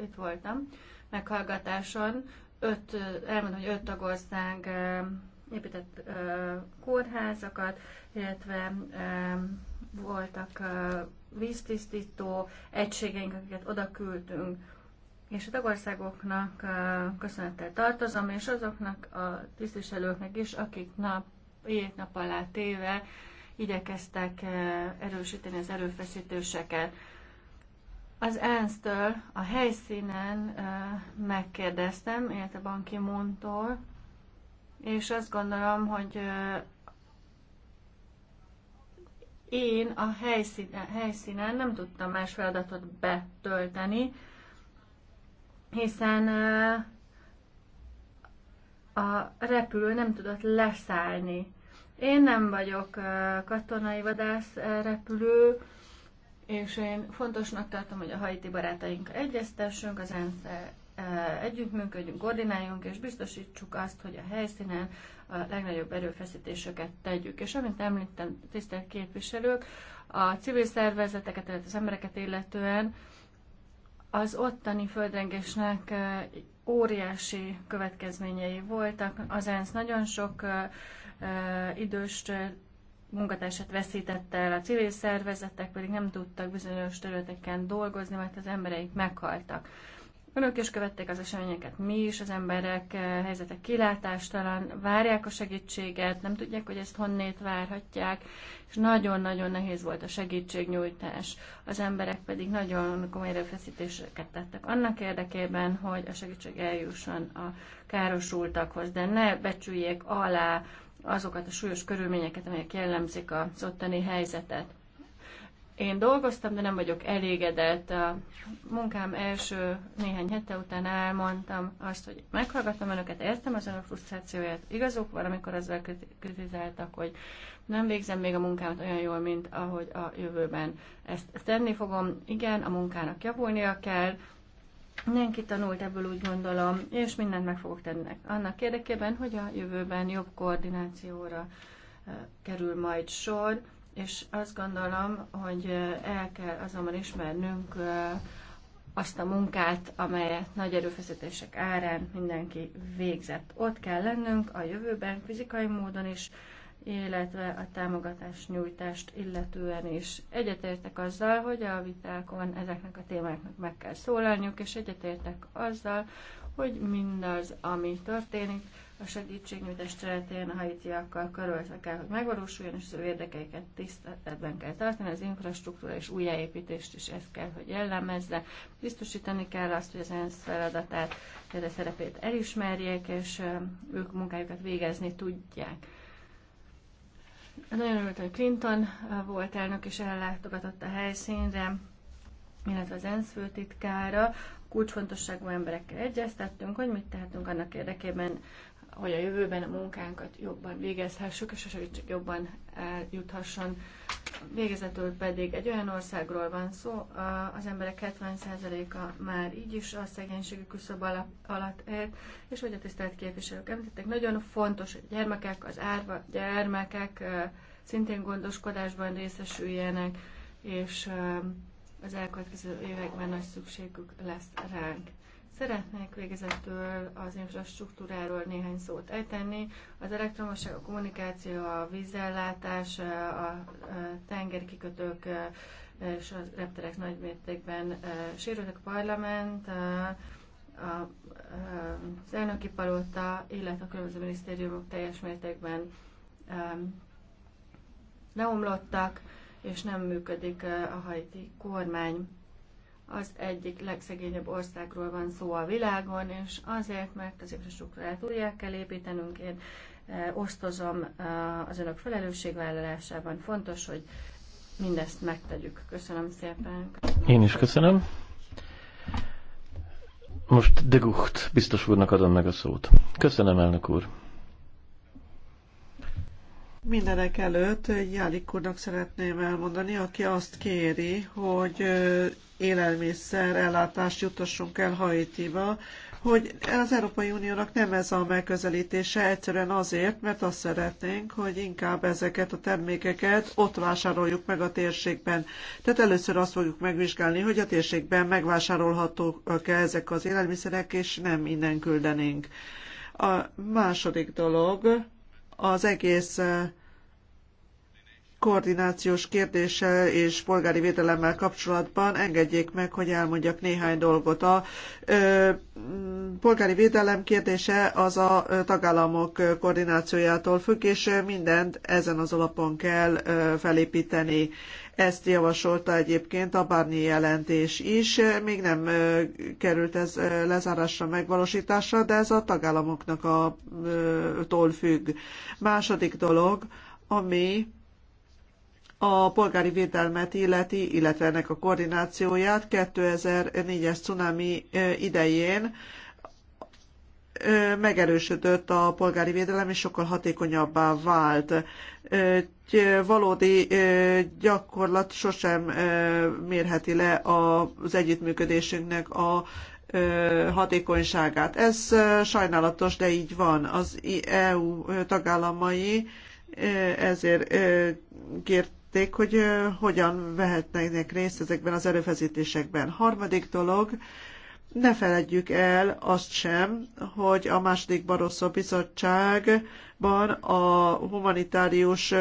Speaker 3: itt voltam, meghallgatáson, öt, elmondom, hogy öt tagország eh, épített eh, kórházakat, illetve eh, voltak víztisztító egységeink, akiket oda küldtünk, és a tagországoknak köszönettel tartozom, és azoknak a tisztviselőknek is, akik nap, ilyet nap alá téve igyekeztek erősíteni az erőfeszítőseket. Az ENSZ-től a helyszínen megkérdeztem, illetve Banki ki és azt gondolom, hogy én a helyszínen, helyszínen nem tudtam más feladatot betölteni, hiszen a repülő nem tudott leszállni. Én nem vagyok katonai vadász repülő, és én fontosnak tartom, hogy a haiti barátaink egyeztessünk, az ENSZ együttműködjünk, koordináljunk, és biztosítsuk azt, hogy a helyszínen a legnagyobb erőfeszítéseket tegyük. És amint említem, tisztelt képviselők, a civil szervezeteket, illetve az embereket illetően az ottani földrengésnek óriási következményei voltak. Az ENSZ nagyon sok idős munkatársat veszítette el, a civil szervezetek pedig nem tudtak bizonyos területeken dolgozni, mert az embereik meghaltak. Önök is követték az eseményeket, mi is, az emberek eh, helyzetek kilátástalan, várják a segítséget, nem tudják, hogy ezt honnét várhatják, és nagyon-nagyon nehéz volt a segítségnyújtás. Az emberek pedig nagyon komoly erőfeszítéseket tettek annak érdekében, hogy a segítség eljusson a károsultakhoz, de ne becsüljék alá azokat a súlyos körülményeket, amelyek jellemzik az ottani helyzetet. Én dolgoztam, de nem vagyok elégedett. A munkám első néhány hete után elmondtam azt, hogy meghallgattam önöket, értem az önök frusztrációját. Igazuk van, amikor azzal kritizáltak, hogy nem végzem még a munkámat olyan jól, mint ahogy a jövőben ezt tenni fogom. Igen, a munkának javulnia kell, Mindenki tanult ebből úgy gondolom, és mindent meg fogok tenni annak érdekében, hogy a jövőben jobb koordinációra eh, kerül majd sor és azt gondolom, hogy el kell azonban ismernünk azt a munkát, amelyet nagy erőfeszítések árán mindenki végzett. Ott kell lennünk a jövőben fizikai módon is, illetve a támogatás nyújtást illetően is. Egyetértek azzal, hogy a vitákon ezeknek a témáknak meg kell szólalniuk, és egyetértek azzal, hogy mindaz, ami történik, a segítségnyújtás területén a haitiakkal karöltve kell, hogy megvalósuljon, és az ő érdekeiket tiszteletben kell tartani, az infrastruktúra és újjáépítést is ezt kell, hogy jellemezze. Biztosítani kell azt, hogy az ENSZ feladatát, a szerepét elismerjék, és ők munkájukat végezni tudják. Nagyon örültem, hogy Clinton volt elnök, és ellátogatott a helyszínre, illetve az ENSZ főtitkára, kulcsfontosságú emberekkel egyeztettünk, hogy mit tehetünk annak érdekében, hogy a jövőben a munkánkat jobban végezhessük, és hogy jobban eljuthasson. Eh, Végezetül pedig egy olyan országról van szó, az emberek 70%-a már így is a szegénységi küszöb alatt élt, és hogy a tisztelt képviselők említettek, nagyon fontos, hogy gyermekek, az árva gyermekek eh, szintén gondoskodásban részesüljenek, és eh, az elkövetkező években nagy szükségük lesz ránk. Szeretnék végezetül az infrastruktúráról néhány szót ejteni. Az elektromosság, a kommunikáció, a vízellátás, a tengeri kikötők és a repterek nagymértékben sérültek a parlament, az elnöki palota, illetve a különböző minisztériumok teljes mértékben leomlottak, és nem működik a hajti kormány az egyik legszegényebb országról van szó a világon, és azért, mert az infrastruktúrát újjá kell építenünk, én e, osztozom e, az önök felelősségvállalásában. Fontos, hogy mindezt megtegyük. Köszönöm szépen.
Speaker 1: Köszönöm. Én is köszönöm. Most Gucht biztos úrnak adom meg a szót. Köszönöm, elnök úr.
Speaker 2: Mindenek előtt Jálik úrnak szeretném elmondani, aki azt kéri, hogy élelmiszer ellátást jutassunk el Haitiba, hogy az Európai Uniónak nem ez a megközelítése, egyszerűen azért, mert azt szeretnénk, hogy inkább ezeket a termékeket ott vásároljuk meg a térségben. Tehát először azt fogjuk megvizsgálni, hogy a térségben megvásárolhatók-e ezek az élelmiszerek, és nem innen küldenénk. A második dolog, az egész koordinációs kérdéssel és polgári védelemmel kapcsolatban engedjék meg, hogy elmondjak néhány dolgot. A ö, polgári védelem kérdése az a tagállamok koordinációjától függ, és mindent ezen az alapon kell ö, felépíteni. Ezt javasolta egyébként a bárnyi jelentés is. Még nem került ez lezárásra, megvalósításra, de ez a tagállamoknak a, tól függ. Második dolog, ami a polgári védelmet illeti, illetve ennek a koordinációját 2004-es cunami idején megerősödött a polgári védelem, és sokkal hatékonyabbá vált. Valódi gyakorlat sosem mérheti le az együttműködésünknek a hatékonyságát. Ez sajnálatos, de így van. Az EU tagállamai ezért kért megnézték, hogy hogyan vehetnek részt ezekben az erőfeszítésekben. Harmadik dolog, ne feledjük el azt sem, hogy a második Barosszó bizottságban a humanitárius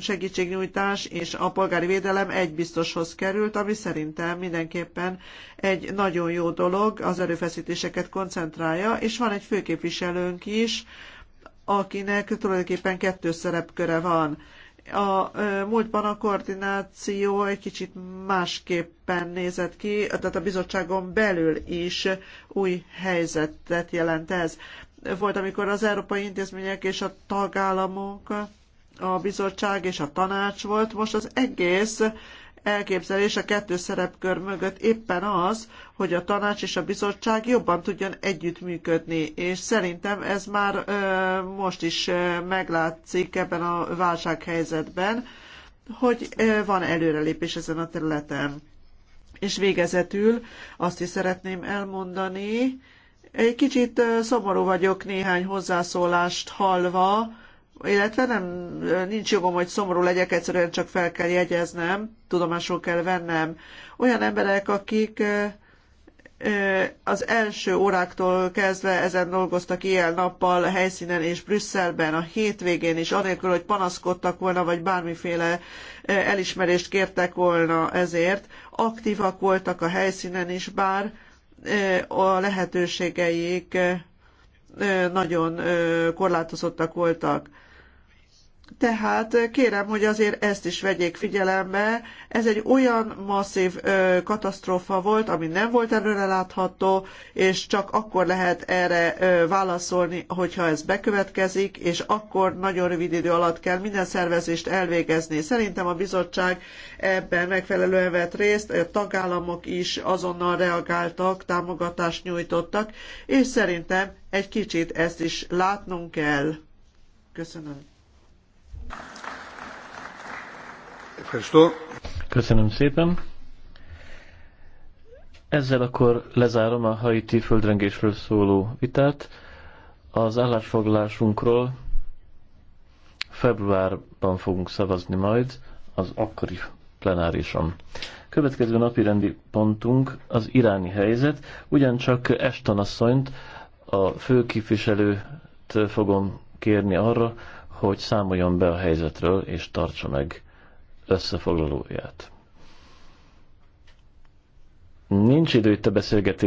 Speaker 2: segítségnyújtás és a polgári védelem egy biztoshoz került, ami szerintem mindenképpen egy nagyon jó dolog, az erőfeszítéseket koncentrálja, és van egy főképviselőnk is, akinek tulajdonképpen kettős szerepköre van a múltban a koordináció egy kicsit másképpen nézett ki, tehát a bizottságon belül is új helyzetet jelent ez. Volt, amikor az európai intézmények és a tagállamok, a bizottság és a tanács volt, most az egész elképzelés a kettő szerepkör mögött éppen az, hogy a tanács és a bizottság jobban tudjon együttműködni, és szerintem ez már most is meglátszik ebben a válsághelyzetben, hogy van előrelépés ezen a területen. És végezetül azt is szeretném elmondani, egy kicsit szomorú vagyok néhány hozzászólást hallva, illetve nem, nincs jogom, hogy szomorú legyek, egyszerűen csak fel kell jegyeznem, tudomásul kell vennem. Olyan emberek, akik az első óráktól kezdve ezen dolgoztak éjjel-nappal a helyszínen és Brüsszelben, a hétvégén is, anélkül, hogy panaszkodtak volna, vagy bármiféle elismerést kértek volna ezért. Aktívak voltak a helyszínen is, bár a lehetőségeik nagyon korlátozottak voltak. Tehát kérem, hogy azért ezt is vegyék figyelembe. Ez egy olyan masszív ö, katasztrófa volt, ami nem volt előre látható, és csak akkor lehet erre ö, válaszolni, hogyha ez bekövetkezik, és akkor nagyon rövid idő alatt kell minden szervezést elvégezni. Szerintem a bizottság ebben megfelelően vett részt, a tagállamok is azonnal reagáltak, támogatást nyújtottak, és szerintem egy kicsit ezt is látnunk kell. Köszönöm.
Speaker 1: Köszönöm szépen. Ezzel akkor lezárom a haiti földrengésről szóló vitát. Az állásfoglalásunkról februárban fogunk szavazni majd az akkori plenárison. Következő napi rendi pontunk az iráni helyzet, ugyancsak Eston asszonyt, a főképviselőt fogom kérni arra, hogy számoljon be a helyzetről, és tartsa meg összefoglalóját. Nincs idő itt a beszélgetés.